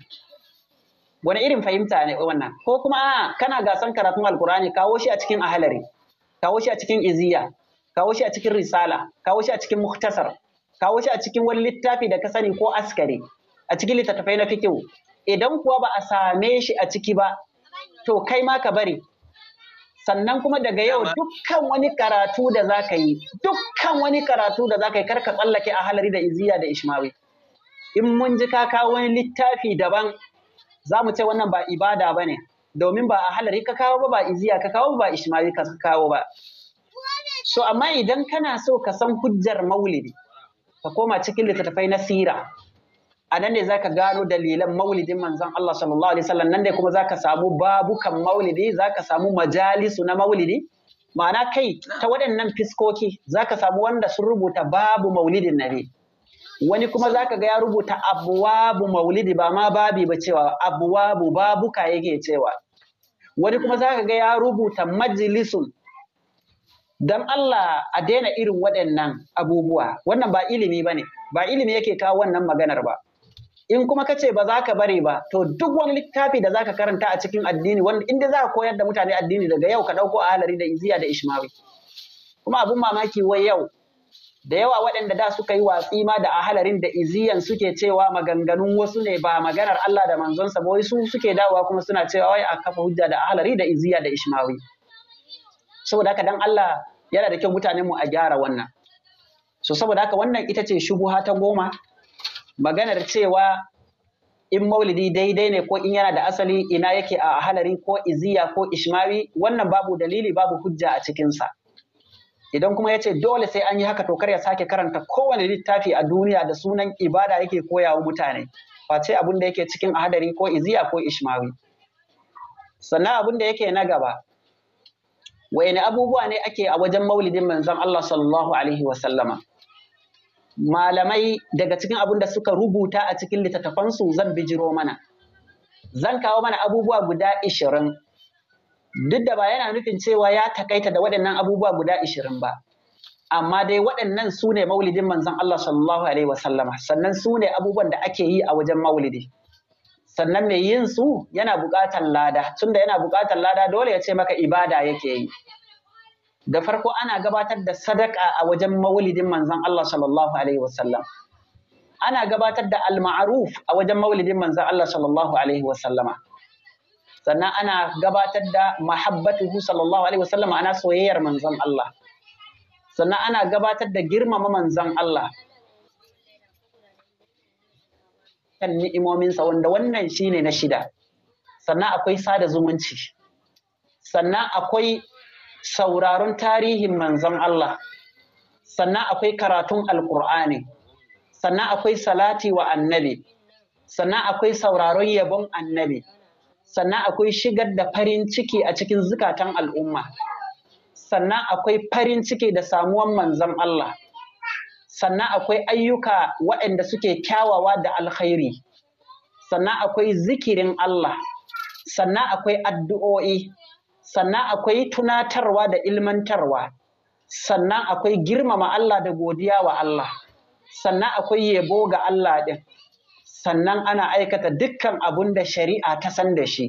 wani irin fahimta ne wannan ko kuma kana gasan karatun alkurani kawo shi a cikin ahalari kawo shi a cikin iziya kawo shi a cikin risala kawo shi a cikin muktasar, kawo shi a cikin wani littafi da ka sani ko askari a cikin littattafai na fikihu idan kuwa ba a same shi a ciki ba to kai ma ka bari sannan kuma daga yau dukkan wani karatu da za ka yi dukkan wani karatu da za ka yi ka tsallake ahalari da iziya da ishmawi in mun ji ka kawo wani littafi daban za mu ce wannan ba ibada ba ne domin ba a halari ka kawo ba ba iziya ka kawo ba ishmawi ka kawo ba so amma idan kana so ka san hujjar maulidi ka koma cikin littattafai na sira a nan ne zaka gano dalilan maulidin manzon Allah sallallahu alaihi wasallam nan ne kuma zaka samu babukan maulidi zaka samu majalisu na maulidi ma'ana kai ta waɗannan fiskoki zaka samu wanda sun rubuta babu maulidin nabi wani kuma zaka ga ya rubuta abwabu maulidi ba ma babi ba cewa abwabu babuka yake cewa wani kuma zaka ga ya rubuta majlisun dan Allah a daina irin waɗannan abubuwa wannan ba ilimi ba ne, ba ilimi yake kawo wannan maganar ba in kuma ka ce ba za ka bari ba to duk wani littafi da za ka karanta a cikin addini wanda inda za ka koyar da mutane addini daga yau ka ɗauko a halari da iziya da ishmawi kuma abun mamaki wai yau da yawa waɗanda da suka yi watsi ma da ahalarin da iziyan suke cewa maganganun wasu ne ba maganar Allah da manzonsa ba wai su suke dawowa kuma suna cewa wai a kafa hujja da ahalari da iziya da ishmawi saboda haka dan Allah yana da kyau mutanen mu a gyara wannan so saboda haka wannan ita ce shubuha ta goma maganar cewa in maulidi daidai ne ko in yana da asali ina yake a ahalari ko iziya ko ishmawi wannan babu dalili babu hujja a cikinsa idan kuma ya ce dole sai an yi haka to kar ya sake karanta kowane littafi a duniya da sunan ibada yake koya wa mutane face abin da yake cikin ahadari ko iziya ko ishmawi sannan abin da yake na gaba wayne abubuwa ne ake a wajen maulidin manzon Allah sallallahu alaihi wa sallama malamai daga cikin abin da suka rubuta a cikin littattafansu zan bijiro mana zan kawo mana abubuwa guda ishirin duk da ba yana nufin cewa ya takaita da waɗannan abubuwa guda ishirin ba amma dai waɗannan su ne maulidin manzon Allah sallallahu alaihi wasallama sannan su ne abubuwan da ake yi a wajen maulidi sannan mai yin su yana buƙatar lada tunda yana buƙatar lada dole ya ce maka ibada yake yi da farko ana gabatar da sadaka a wajen maulidin manzon Allah sallallahu alaihi wasallam ana gabatar da al-ma'ruf a wajen maulidin manzon Allah sallallahu alaihi wasallama sannan ana gabatar da mahabbatuhu sallallahu alaihi wasallam ana soyayyar manzon Allah sannan ana gabatar da girmama manzon Allah kan ni'imominsa wanda wannan shine na shida sannan akwai sada zumunci sannan akwai sauraron tarihin manzon Allah sannan akwai karatun alkur'ani sannan akwai salati wa annabi sannan akwai sauraron yabon annabi sannan akwai shigar da farin ciki a cikin zukatan al'umma sannan akwai farin ciki da samuwan manzon Allah sannan akwai ayyuka waɗanda suke kyawawa da alkhairi sannan akwai zikirin Allah sannan akwai addu'o'i sannan akwai tunatarwa da ilmantarwa sannan akwai girmama Allah da godiya wa Allah sannan akwai yabo ga Allah ɗin sannan ana aikata dukkan abun da shari'a ta san da shi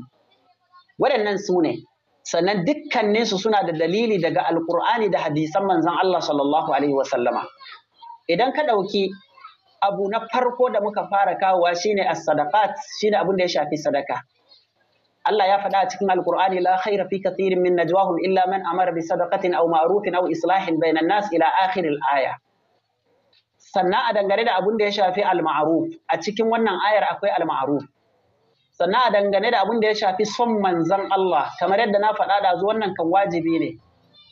waɗannan su ne sannan dukkaninsu suna da dalili daga alkur'ani da hadisan manzon Allah sallallahu alaihi wasallama idan ka ɗauki abu na farko da muka fara kawowa shine as-sadaqat shine abun da ya shafi sadaka Allah ya faɗa a cikin Alƙur'ani la khaira fi katirin min najwahum illa man amara bi sadaqatin aw ma'rufin aw islahin bainan nas ila akhiril aya sannan a dangane da abun da ya shafi al-ma'ruf a cikin wannan ayar akwai al-ma'ruf sannan a dangane da abun da ya shafi son manzon Allah kamar yadda na faɗa da wannan kan wajibi ne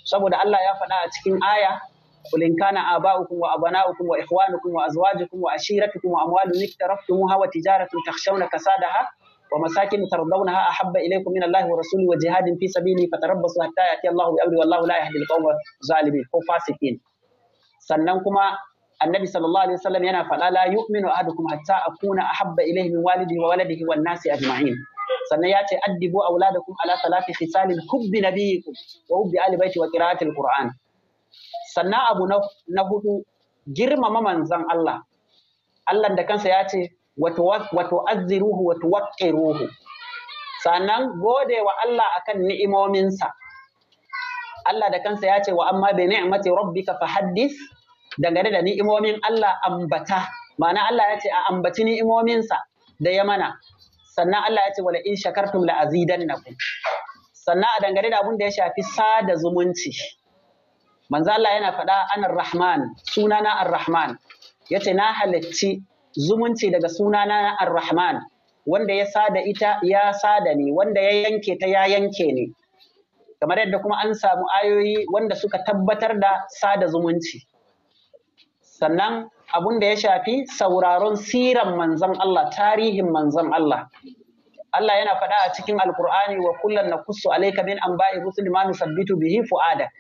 saboda Allah ya faɗa a cikin aya قل إن كان آباؤكم وأبناؤكم وإخوانكم وأزواجكم وعشيرتكم وأموال اقترفتموها وتجارة تخشون كسادها ومساكن ترضونها أحب إليكم من الله ورسوله وجهاد في سبيله فتربصوا حتى يأتي الله بأمره والله لا يهدي القوم الظالمين أو فاسقين sannan kuma annabi sallallahu alaihi wasallam yana faɗa la yu'minu ahadukum hatta akuna ahabba ilayhi min walidihi wa waladihi wan nasi ajma'in sannan ya ce addibu auladakum ala salati khisalil hubbi nabiyikum wa hubbi ali baiti wa qira'atil qur'an sannan abu na hudu girmama manzon Allah Allah da kansa ya ce wato azziruhu wato sannan gode wa Allah akan ni'imominsa Allah da kansa ya ce wa amma bi ni'mati rabbika fahaddith dangane da ni'imomin Allah ambata ma'ana Allah ya ce a ambaci ni'imominsa da ya mana sannan Allah ya ce wala in shakartum la azidannakum sannan a dangane da abun da ya shafi sada zumunci manzo Allah yana faɗa anar rahman sunana ar-rahman yace na halicci zumunci daga sunana ar-rahman wanda ya sada ita ya sada ne, wanda ya yanke ta ya yanke ni kamar yadda kuma an samu ayoyi wanda suka tabbatar da sada zumunci sannan abun da ya shafi sauraron siran manzon Allah tarihin manzon Allah Allah yana faɗa a cikin Alkur'ani wa kullum na kusu alaika min an ba'i rusul ma nusabbitu bihi fu'ada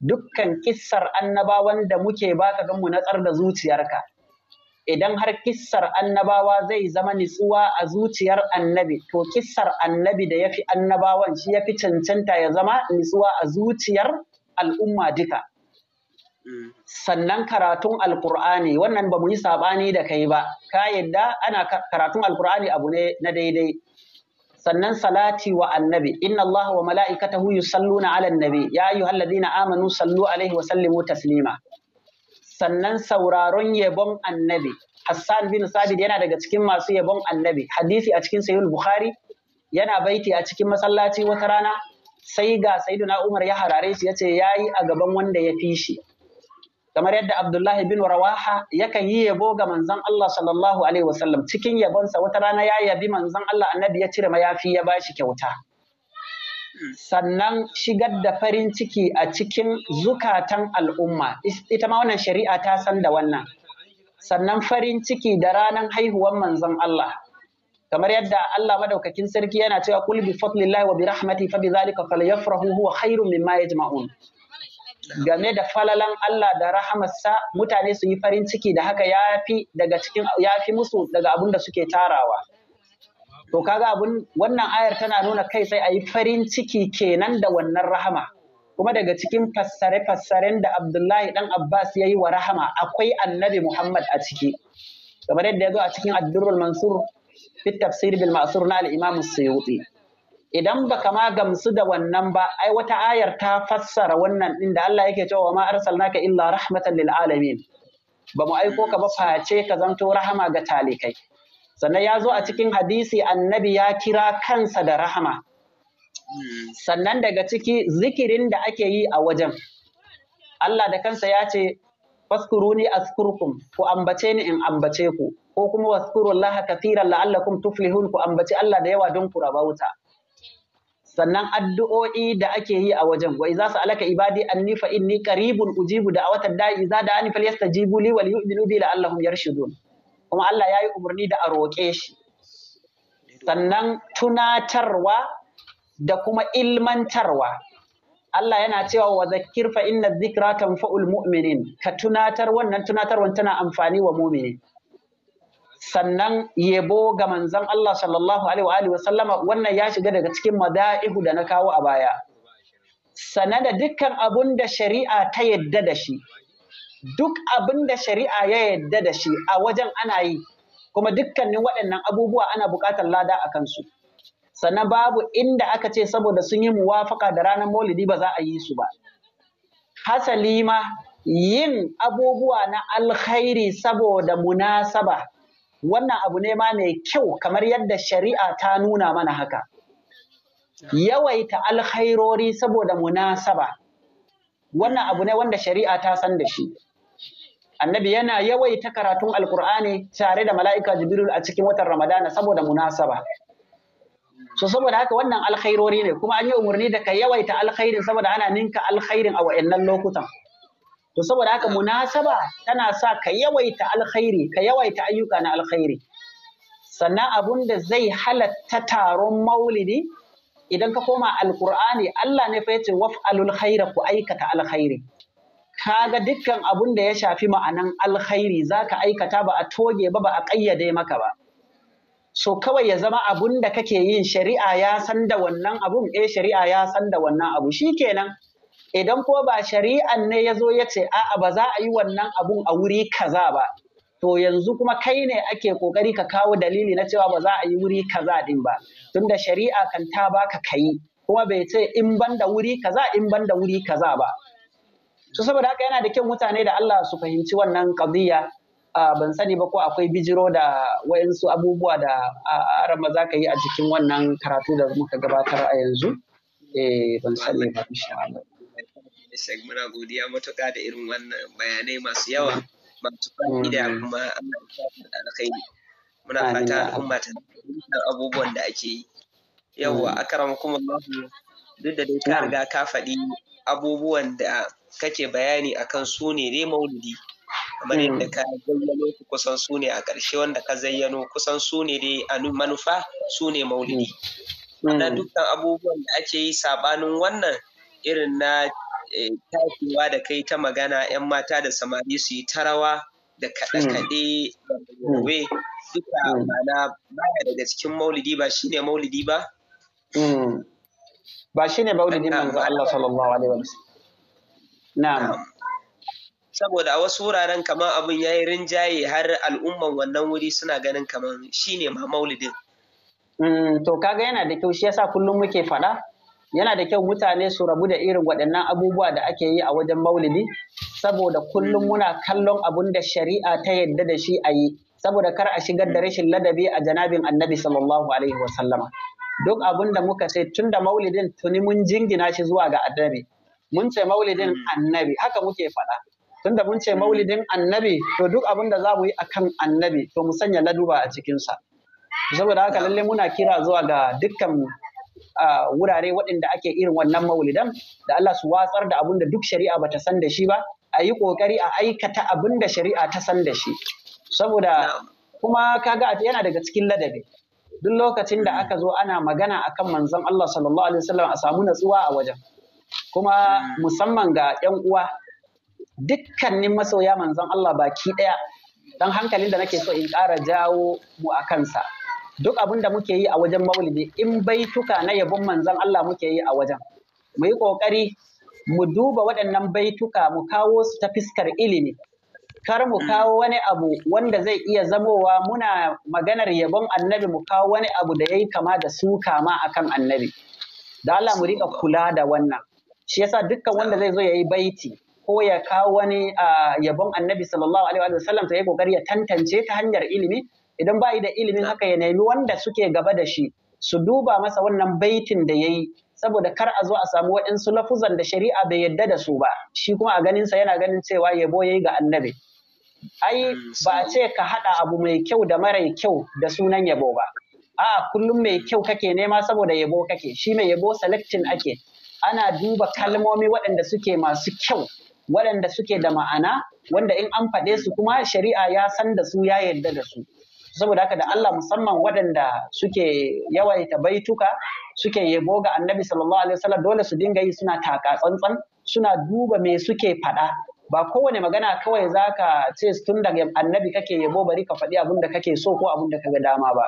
dukkan kissar annabawan da muke baka don mu natsar da zuciyarka idan har kissar annabawa zai zama nitsuwa a zuciyar annabi to kissar annabi da yafi annabawan shi yafi cancanta ya zama nitsuwa a zuciyar al'umma duka sannan karatun alkur'ani wannan ba mu yi saɓani da kai ba ka yadda ana karatun alkur'ani abu ne na daidai sannan salati wa annabi inna allaha wa mala'ikatahu yusalluna ala annabi ya ayyuhalladhina amanu sallu alaihi wa sallimu taslima sannan sauraron yabon annabi Hassan bin sabid yana daga cikin masu yabon annabi hadisi a cikin sahih bukhari yana baiti a cikin masallaci wata rana sai ga sayyiduna Umar ya harare shi yace yayi a gaban wanda ya fi shi kamar yadda Abdullahi bin Rawaha yakan yi yabo ga manzon Allah sallallahu alaihi wasallam cikin yabonsa wata rana ya yabi manzon Allah annabi ya cire mayafi ya bashi kyauta sannan shigar da farin ciki a cikin zukatan al'umma ita ma wannan shari'a ta san da wannan sannan farin ciki da ranar haihuwar manzon Allah kamar yadda Allah madaukakin sarki yana cewa kul bi fadlillahi wa bi rahmati fa bi zalika falyafrahu huwa khairum mimma yajma'un game da falalan Allah da rahamarsa mutane su yi farin ciki da haka yafi daga cikin fi musu daga abin da suke tarawa to kaga abun wannan ayar tana nuna kai sai a yi farin ciki kenan da wannan rahama kuma daga cikin fassare-fassaren da Abdullahi ɗan Abbas ya yi wa rahama akwai annabi Muhammad a ciki kamar yadda ya zo a cikin Abdurrul Mansur fi tafsir bil ma'sur na al-Imam Suyuti idan baka ma gamsu da wannan ba ai wata ayar ta fassara wannan din da Allah yake cewa ma arsalnaka illa rahmatan lil alamin ba mu aiko ka ba face ka zanto rahama ga talikai sannan ya zo a cikin hadisi annabi ya kira kansa da rahama sannan daga ciki zikirin da ake yi a wajen Allah da kansa ya ce faskuruni askurkum ku ambace ni in ambace ku ko kuma waskurullaha kathiran la'allakum tuflihun ku ambaci Allah da yawa don ku rabauta sannan addu'o'i da ake yi a wajen wa idza sa'alaka ibadi anni fa inni qaribun ujibu da'watad da'i idza da'ani falyastajibu li wal yu'minu bi la'allahum yarshudun kuma Allah yayi umarni da a roƙe shi sannan tunatarwa da kuma ilmantarwa Allah yana cewa wa zakkir fa inna dhikra tanfa'ul mu'minin ka tunatar wannan tunatarwan tana amfani wa mu'mini sannan yebo ga manzon Allah sallallahu alaihi wa sallama wannan ya shiga daga cikin mada'ihu da na kawo a baya sana da dukkan abun da shari'a ta yadda da shi duk abin da shari'a ya yadda da shi a wajen ana yi kuma dukkanin waɗannan abubuwa ana buƙatar lada a kansu sannan babu inda aka ce saboda sun yi muwafaka da ranar maulidi ba za a yi su ba hasali ma yin abubuwa na alkhairi saboda munasaba wannan abu ne ma mai kyau kamar yadda shari'a ta nuna mana haka yawaita alkhairori saboda munasaba wannan abu ne wanda shari'a ta san da shi annabi yana yawaita karatun alƙur'ani tare da mala'ika jibril a cikin watan ramadana saboda munasaba so saboda haka wannan alkhairori ne kuma an yi umarni da ka yawaita alkhairin saboda ana ninka alkhairin a wa'annan lokutan to saboda haka munasaba tana sa ka yawaita alkhairi ka yawaita ayyuka na alkhairi sannan abun da zai halatta taron maulidi idan ka koma alkur'ani Allah ne fa yace waf'alul khaira ku aikata alkhairi kaga dukkan abun da ya shafi ma'anan alkhairi zaka aikata ba a toge ba ba a ƙayyade maka ba so kawai ya zama abun da kake yin shari'a ya san da wannan abun eh shari'a ya san da wannan abu shikenan idan ko ba shari'an ne ya zo ya ce a'a ba za a yi wannan abun a wuri kaza ba to yanzu kuma kai ne ake kokari ka kawo dalili na cewa ba za a yi wuri kaza din ba tunda shari'a kan ta baka kai kuma bai ce in banda da wuri kaza in banda da wuri kaza ba to saboda haka yana da kyau mutane da Allah su fahimci wannan qadiyya ban sani ba ko akwai bijiro da wayansu abubuwa da arama za ka yi a cikin wannan karatu da muka gabatar a yanzu eh ban sani ba insha Allah muna godiya matuƙa da irin wannan bayanai masu yawa masu fa'ida mm-hmm. kuma da alkhairi muna fata al'umma ta abubuwan da ake yi yawwa mm-hmm. akaram kuma duk da dai ka riga ka faɗi abubuwan da kake bayani akan su ne dai maulidi kamar mm-hmm. yadda ka zayyano kusan su ne a ƙarshe wanda ka zayyano kusan su ne dai a manufa su ne maulidi na dukkan abubuwan da ake yi saɓanin wannan irin na takewa eh, da kai ta magana 'yan mata da samari su yi ta da kaɗe-kaɗe gobe hmm. duka mana hmm. baya daga cikin maulidi ba shi ne maulidi ba? Hmm. Ba shi shine maulidi manzo Allah sallallahu alaihi wa Na'am. Saboda a wasu wuraren kamar abin yayi rinjaye har al'umman wannan wuri suna ganin kamar shi ne ma maulidin. To kaga yana da kyau shi yasa kullum muke faɗa yana da kyau mutane su rabu da irin waɗannan abubuwa da ake yi a wajen maulidi saboda kullum muna kallon abun da shari'a ta yadda da shi a yi saboda kar a shigar da rashin ladabi a janabin annabi sallallahu alaihi duk abun da muka ce tun da maulidin tuni mun jingina shi zuwa ga annabi mun ce maulidin mm. annabi haka muke faɗa tunda mun ce maulidin annabi to duk abun da za mu yi akan annabi to mu sanya laduba a cikinsa saboda haka lalle muna kira zuwa ga dukkan A wurare waɗanda ake irin wannan maulidan da Allah su watsar da abunda da duk shari'a bata san da shi ba a yi ƙoƙari a aikata abin da shari'a ta san da shi saboda kuma kaga yana daga cikin ladabi duk lokacin da aka zo ana magana akan manzon Allah sallallahu alaihi wasallam a samu natsuwa a wajen kuma musamman ga 'yan uwa dukkanin masoya manzon Allah baki ɗaya don hankalin da nake so in ƙara jawo mu a kansa duk abin da muke yi a wajen maulidi in baituka na yabon manzon Allah muke yi a wajen mu yi kokari mu duba waɗannan baituka mu kawo su ta fiskar ilimi kar mu kawo wani abu wanda zai iya zamowa muna maganar yabon annabi mu kawo wani abu da yayi kama da su kama akan annabi da Allah mu rika kula da wannan shi yasa dukkan wanda zai zo yayi baiti ko ya kawo wani ah, yabon annabi sallallahu alaihi sallam ta yi kokari ya tantance ta hanyar ilimi idan ba da ilimin haka ya nemi wanda suke gaba da shi su duba masa wannan baitin da ya yi saboda kar a zo a samu waɗansu lafuzan da shari'a bai yadda da su ba shi kuma a ganin sa yana ganin cewa yabo ya yi ga annabi ai hmm, ba a ce ka haɗa abu mai kyau da mara kyau da sunan yabo ba a kullum mai kyau kake nema saboda yabo kake shi mai yabo selectin ake ana duba kalmomi waɗanda suke masu kyau waɗanda suke da ma'ana wanda in an faɗe su kuma shari'a ya san da su ya yadda da su saboda haka da Allah musamman waɗanda suke yawaita baituka suke yabo ga annabi sallallahu alaihi wasallam dole su dinga yi suna taka tsantsan suna duba me suke faɗa ba kowane magana kawai zaka ce tun daga annabi kake yabo bari ka faɗi abin da kake so ko abin da kaga dama ba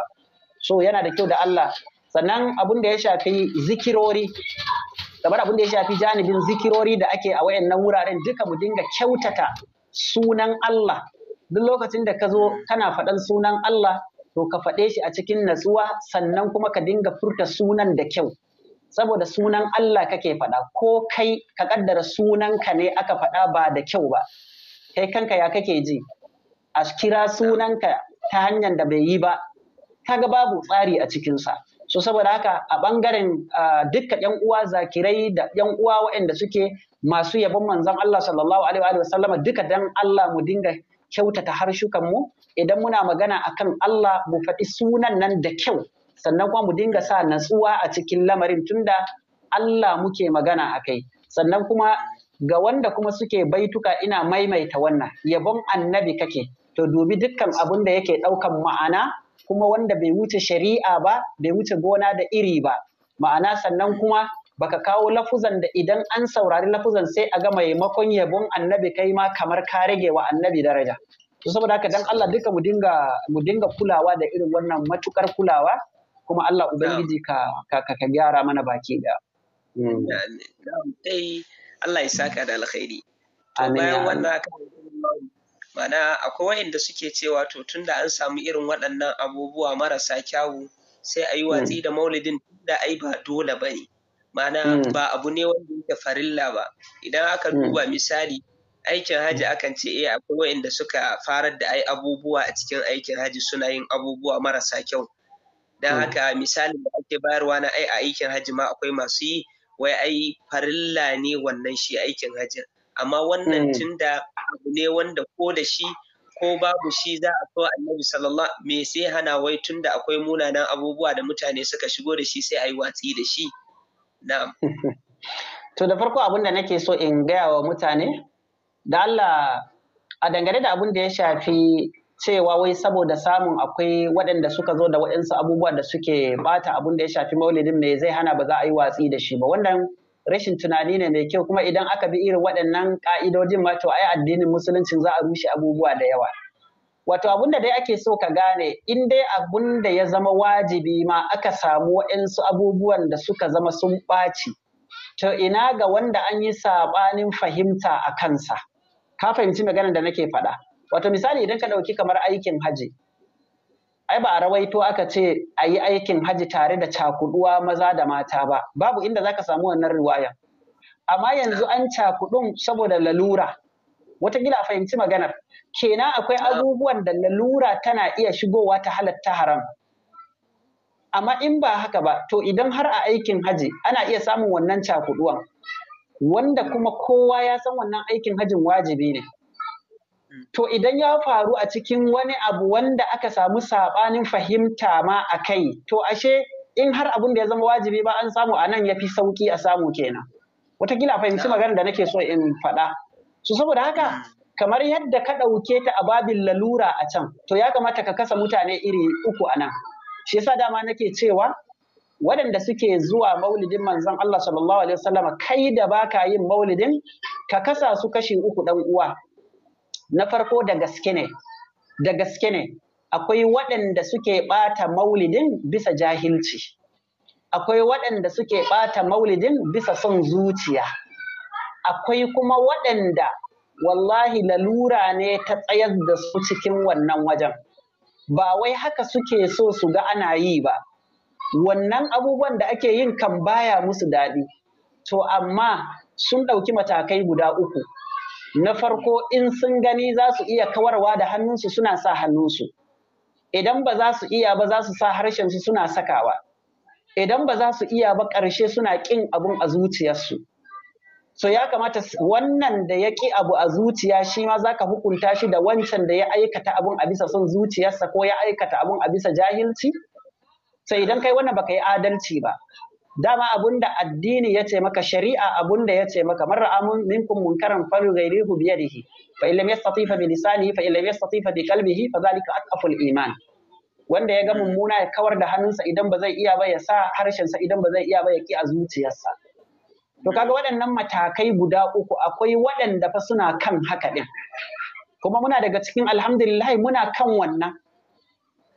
so yana da kyau da Allah sannan abin da ya shafi zikirori kamar abin da ya shafi janibin zikirori da ake a wayannan wuraren duka mu dinga kyautata sunan Allah duk lokacin da ka zo kana faɗan sunan Allah to ka faɗe shi a cikin natsuwa sannan kuma ka dinga furta sunan da kyau saboda sunan Allah kake faɗa ko kai ka kaddara sunanka ne aka faɗa ba da kyau ba kai kanka ya kake ji a kira sunanka ta hanyar da bai yi ba kaga babu tsari a cikinsa so saboda haka a ɓangaren dukkan yan uwa zakirai da yan uwa waɗanda suke masu yabon manzon Allah sallallahu alaihi wa sallama duka dan Allah mu dinga kyautata harshukanmu idan muna magana akan Allah mu faɗi sunan nan da kyau sannan kuma mu dinga sa natsuwa a cikin lamarin tunda Allah muke magana a kai sannan kuma ga wanda kuma suke baituka ina maimaita wannan yabon annabi kake to dubi dukkan abin da yake ɗaukan ma'ana kuma wanda bai wuce shari'a ba bai wuce gona da iri ba ma'ana sannan kuma baka kawo lafuzan da idan an saurari lafuzan sai a ga maimakon yabon annabi kai ma kamar ka rage wa annabi daraja to saboda haka dan Allah duka mu dinga mu dinga kulawa da irin wannan matukar kulawa kuma Allah ubangiji ka ka ka gyara mana baki da hmm. dai Allah ya saka da alkhairi to bayan wannan mana akwai wanda suke cewa to tunda an samu irin waɗannan abubuwa marasa kyawu sai a yi watsi hmm. da maulidin da ai ba dole bane Ma'ana hmm. ba abu ne wanda yake farilla ba. Idan aka hmm. duba misali aikin haji akan ce eh akwai waɗanda suka farar da ai abubuwa a cikin aikin haji suna yin abubuwa marasa kyau. Don hmm. haka misalin da ake bayarwa na ai a aikin haji ma akwai masu yi wai ai farilla ne wannan shi aikin hajin. Amma wannan tunda abu ne wanda ko da shi ko babu shi za a so annabi sallallahu me sai hana wai tunda akwai munanan abubuwa da mutane suka shigo da shi sai a yi watsi da shi. To da farko abin da nake so in gaya wa mutane, da Allah a dangane da abin da ya shafi cewa wai saboda samun akwai waɗanda suka zo da waɗansu abubuwa da suke bata abin da ya shafi maulidin mai zai hana ba za a yi watsi da shi ba wannan rashin tunani ne mai kyau kuma idan aka bi irin waɗannan ƙa'idojin ma to ai addinin musuluncin za a rushe abubuwa da yawa. Wato abun da dai ake so ka gane in dai abun da ya zama wajibi ma aka samu waɗansu abubuwan da suka zama sun ɓaci. To ina ga wanda an yi saɓanin fahimta a kansa. Ka fahimci maganar da nake faɗa. Wato misali idan ka ɗauki kamar aikin haji. Ai ba a rawaito aka ce a yi aikin haji tare da cakuɗuwa maza da mata ba. Babu inda za ka samu wannan riwayan. Amma yanzu an cakuɗun saboda lalura. Wataƙila a fahimci maganar. kenan akwai abubuwan da lalura tana iya shigowa ta halatta haram amma in ba haka ba to idan har a aikin haji ana iya samun wannan cakuduwan wanda kuma kowa ya san wannan aikin hajin wajibi ne to idan ya faru a cikin wani abu wanda aka samu saɓanin fahimta ma a kai to ashe in har abun da ya zama wajibi ba an samu a nan ya fi sauƙi a samu kenan Wataƙila fahimci magana da nake so in faɗa su saboda haka hmm. kamar yadda ka ɗauke ta a babin lalura a can to ya kamata ka kasa mutane iri uku a nan shi yasa dama nake cewa waɗanda suke zuwa maulidin manzon Allah sallallahu alaihi wasallam kai da baka yin maulidin ka kasa su kashi uku dan uwa na farko da gaske ne da gaske ne akwai waɗanda suke ɓata maulidin bisa jahilci akwai waɗanda suke ɓata maulidin bisa son zuciya akwai kuma waɗanda wallahi lalura ne ta tsayar da su cikin wannan wajen ba wai haka suke so su ga ana yi ba wannan abubuwan da ake yin kan baya musu daɗi to amma sun ɗauki matakai guda uku na farko in sun gani za su iya kawarwa da hannunsu suna sa hannunsu idan ba za su iya ba za su sa harshensu suna sakawa idan ba za su iya ba ƙarshe suna ƙin abun a zuciyarsu so ya kamata wannan da ya ƙi abu a zuciya shi ma ka hukunta shi da wancan da ya aikata abun a bisa son zuciyarsa ko ya aikata abun a bisa jahilci sai idan kai wannan baka yi adalci ba dama abun da addini ya ce maka shari'a abun da ya ce maka mara ra'a minkum munkaran falu ghayrihu bi yadihi fa illam yastati bi lisanihi fa illam yastati bi qalbihi fa zalika atqaful iman wanda ya ga mummuna ya kawar da hannunsa idan ba zai iya ba ya sa harshensa idan ba zai iya ba ya ki a zuciyarsa To kaga waɗannan matakai guda uku akwai waɗanda fa suna kan haka ɗin. Kuma muna daga cikin alhamdulillahi muna kan wannan.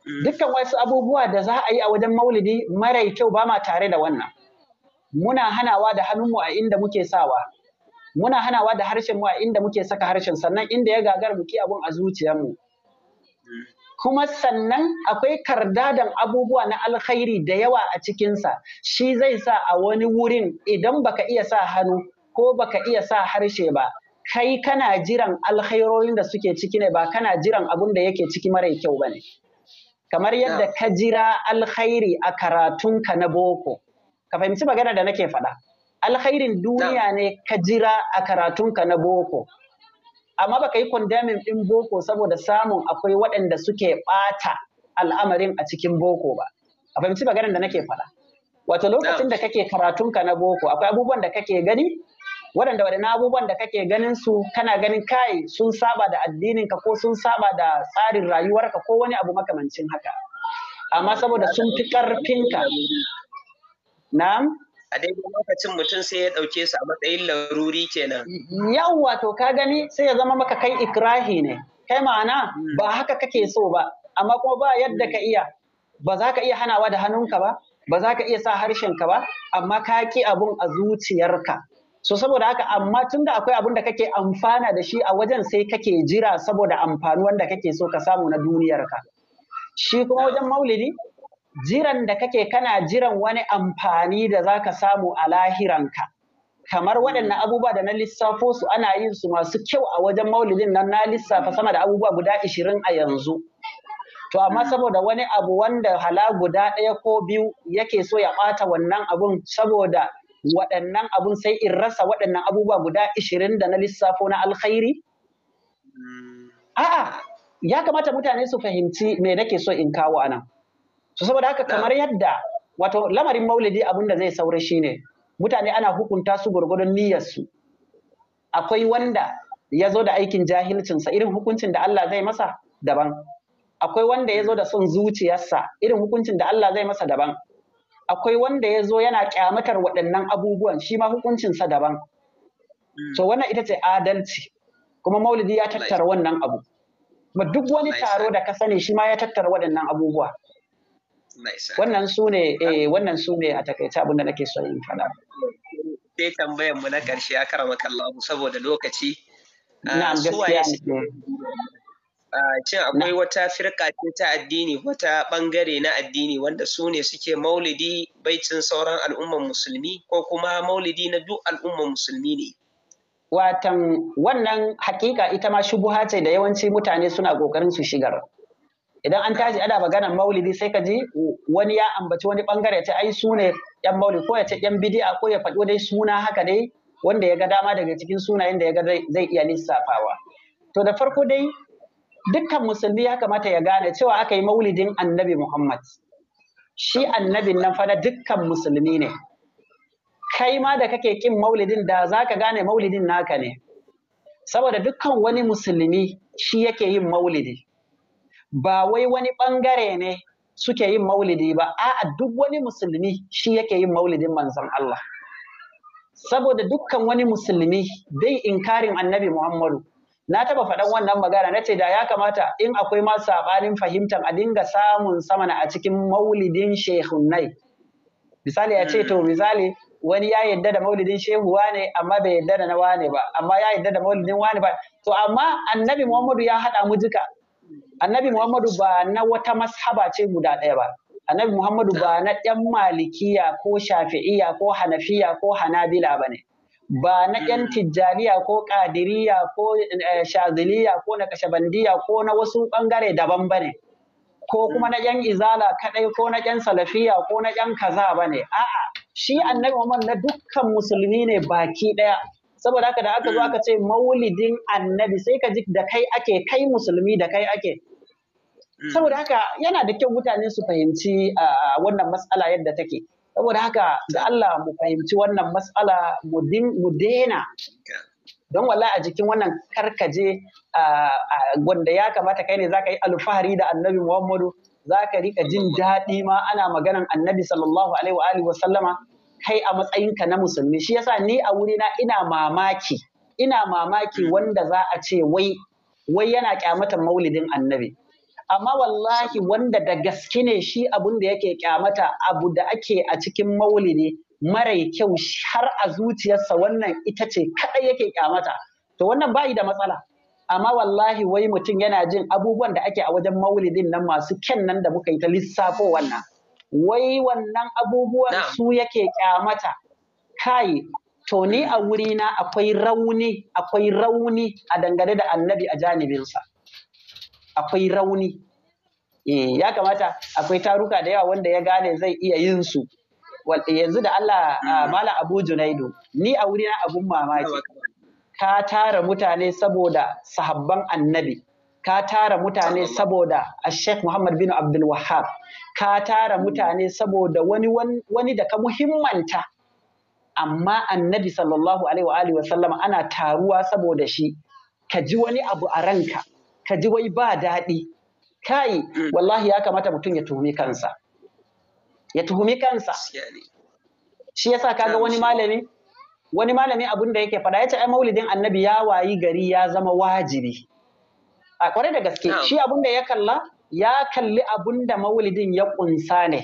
Mm. Dukkan wasu abubuwa da za a yi a wajen maulidi mara kyau ba ma tare da wannan. Muna hanawa da hannunmu a inda muke sawa. Muna hanawa da harshenmu a inda muke saka harshen sannan inda ya gagar mu abun a mu. kuma sannan akwai kardadan abubuwa na alkhairi da yawa a cikinsa shi zai sa a wani wurin idan baka iya sa hannu ko baka iya sa harshe ba kai kana jiran alkhairoyin da suke ciki ne ba kana jiran abun da yake ciki mara kyau ba ne kamar yadda ka jira alkhairi a karatunka na boko ka fahimci magana da nake faɗa alkhairin duniya ne ka jira a karatunka na boko amma baka yi ɗin ɗin boko saboda samun akwai waɗanda suke ɓata al'amarin a cikin boko ba a fahimci maganar da nake faɗa wato lokacin da kake karatunka na boko akwai abubuwan da kake gani waɗanda waɗanda abubuwan da kake ganin su kana ganin kai sun saba da addininka ko sun saba da tsarin rayuwarka ko wani abu makamancin haka amma saboda sun fi ƙarfinka na'am a daidai lokacin mutum sai ya ɗauke su a matsayin laruri kenan. Yau wato ka gani sai ya zama maka kai ikrahi ne, kai ma'ana mm. ba haka kake so ba, amma kuma ba yadda ka iya, ba za ka iya hanawa da hannunka ba, ba za ka iya sa harshenka ba, amma ka ki abun a zuciyarka. So saboda haka amma tun da akwai abun da kake amfana da shi a wajen sai kake jira saboda amfani wanda kake so ka samu na duniyarka. Shi kuma wajen maulidi jiran da kake kana jiran wani amfani da za ka samu a lahiranka kamar waɗannan abubuwa da na lissafo su ana yin su masu kyau a wajen maulidin nan na lissafa sama da abubuwa guda ishirin a yanzu to amma saboda wani abu wanda hala guda ɗaya ko biyu yake so ya ɓata wannan abun saboda waɗannan abun sai in rasa waɗannan abubuwa guda ishirin da na lissafo na alkhairi hmm. a'a ya kamata mutane su fahimci me nake so in kawo anan. so saboda haka kamar yadda wato lamarin maulidi abin da zai saura shine mutane ana hukunta su gurgurdon niyyarsu akwai wanda ya zo da aikin jahilcinsa irin hukuncin da Allah zai masa daban akwai wanda ya zo da son zuciyarsa irin hukuncin da Allah zai masa daban akwai wanda ya zo yana kyamatar waɗannan abubuwan shi ma hukuncinsa daban hmm. so wannan ita ce adalci kuma maulidi ya tattara wannan abu kuma duk wani taro da ka sani shi ma ya tattara waɗannan abubuwa wannan su ne eh wannan a takaice abin da nake so in faɗa sai tambayar mu na karshe a karama kallahu saboda lokaci ah, na'am gaskiya ne cin ah, akwai wata firka ce ta addini wata bangare na addini wanda su ne suke maulidi baicin sauran al'ummar musulmi ko kuma maulidi na duk al'ummar musulmi ne watan wannan hakika ita ma shubuha ce da yawanci mutane suna kokarin su shigar idan an tashi ana maganar maulidi sai ka ji wani ya ambaci wani bangare ya ce ai su ne yan maulidi ko ya ce yan bidi'a ko ya faɗi wani suna haka dai wanda ya ga dama daga cikin sunayen da ya ga zai iya lissafawa to da farko dai dukkan musulmi ya kamata ya gane cewa aka yi maulidin annabi Muhammad shi annabin nan fa na dukkan musulmi ne kai ma da kake kin maulidin da za ka gane maulidin naka ne saboda dukkan wani musulmi shi yake yin maulidi ba wai wani ɓangare ne suke yin maulidi ba, a'a duk wani musulmi shi yake yin maulidin manzon Allah. Saboda dukkan wani musulmi in inkarin annabi Muhammadu. Na taba faɗan wannan magana na ce da ya kamata in akwai ma saɓanin fahimtar a dinga samun samana a cikin maulidin shehunai. Misali ya ce to misali wani ya yadda da maulidin shehu wane amma bai yadda da na wane ba amma ya yadda da maulidin wane ba to amma annabi Muhammadu ya haɗa mu duka annabi Muhammadu ba na wata mashaba ce guda ɗaya ba. Annabi Muhammadu ba na ɗan malikiya ko shafi'iya ko hanafiya ko hanabila ba ne. Ba na ɗan tijjaniya ko ƙadiriya ko eh, shaziliya ko na kashabandiya ko na wasu ɓangare daban ba ne. Ko kuma na ɗan izala kaɗai ko na ɗan salafiya ko na ɗan kaza ba ne. A'a, shi annabi Muhammadu na dukkan musulmi ne baki ɗaya. saboda haka da aka zo aka ce maulidin annabi sai ka ji da kai ake kai musulmi da kai ake hmm. saboda haka yana da kyau mutane su fahimci wannan matsala yadda take saboda haka da Allah mu fahimci wannan matsala mu daina don wala a jikin wannan karkaje wanda ya kamata kai ne za ka yi alfahari da annabi Muhammadu za ka rika jin daɗi ma ana maganan annabi sallallahu alaihi wa sallama kai a matsayinka na musulmi shi yasa ni a wurina ina mamaki ina mamaki wanda za a ce wai wai yana kyamatan maulidin annabi amma wallahi wanda da gaske ne shi abun da yake kyamata abu da ake a cikin maulidi mara kyau har a zuciyarsa wannan ita ce kaɗai yake kyamata to wannan bayi da matsala amma wallahi wai mutum yana jin abubuwan da ake a wajen maulidin nan masu kyan nan da muka yi ta lissafo wannan wai wannan abubuwan su yake kyamata kai to ni a wurina akwai rauni akwai rauni a dangane da annabi a janibinsa akwai rauni eh ya kamata akwai taruka da yawa wanda ya gane zai iya yin su yanzu da Allah Malam Abu Junaidu ni a wurina abun mamaki ka tara mutane saboda sahabban annabi ka tara mutane saboda Sheikh Muhammad bin Abdul Wahhab ka tara mutane saboda wani wani da ka muhimmanta amma annabi sallallahu alaihi wa alihi wa ana taruwa saboda shi ka ji wani abu a ranka ka ji wai ba daɗi kai wallahi ya kamata mutum ya tuhumi kansa ya tuhumi kansa shi yasa kaga wani malami wani malami abin da yake faɗa ya ce ai maulidin annabi ya wayi gari ya zama wajibi a kwarai da gaske shi abun da ya kalla ya kalli abun da maulidin ya kunsa ne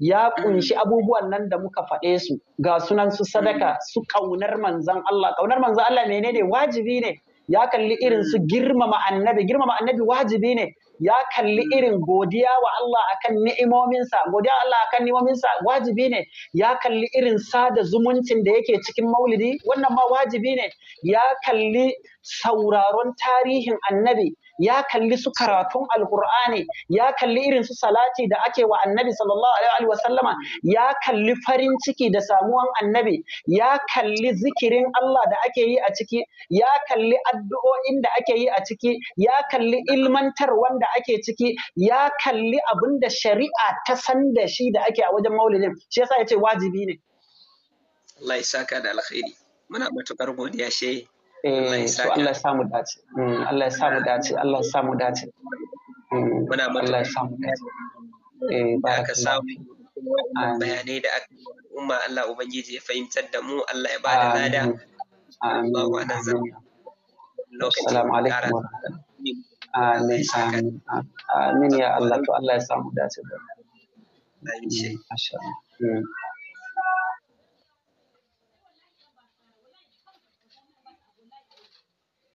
ya kunshi abubuwan nan da muka faɗe su ga sunan su sadaka mm. su ƙaunar manzan Allah ƙaunar manzan Allah menene wajibi ne ya kalli irin su mm. girmama annabi girmama annabi wajibi ne ya kalli hmm. irin godiya wa Allah akan ni'imominsa godiya Allah akan ni'imominsa wajibi ne ya kalli irin sada zumuncin da yake cikin maulidi wannan ma wajibi ne ya kalli sauraron tarihin annabi ya kalli su karatun alkur'ani ya kalli irin su salati da ake wa annabi sallallahu alaihi wa sallama ya kalli farin ciki da samuwan annabi ya kalli zikirin Allah da ake yi a ciki ya kalli addu'o'in da ake yi a ciki ya kalli ilmantar wanda ake ciki ya kalli abin da shari'a ta san da shi da ake a wajen maulidin shi yasa yace wajibi ne Allah ya saka da alkhairi muna matukar godiya shehi so eh, mm, Allah ya samu dace Allah ya samu dace Allah ya samu dace muna Allah ya samu dace eh baraka bayanai da aka umma Allah ubangiji ya fahimtar da mu Allah ya lada assalamu alaikum amin amin ya Allah to Allah ya samu dace da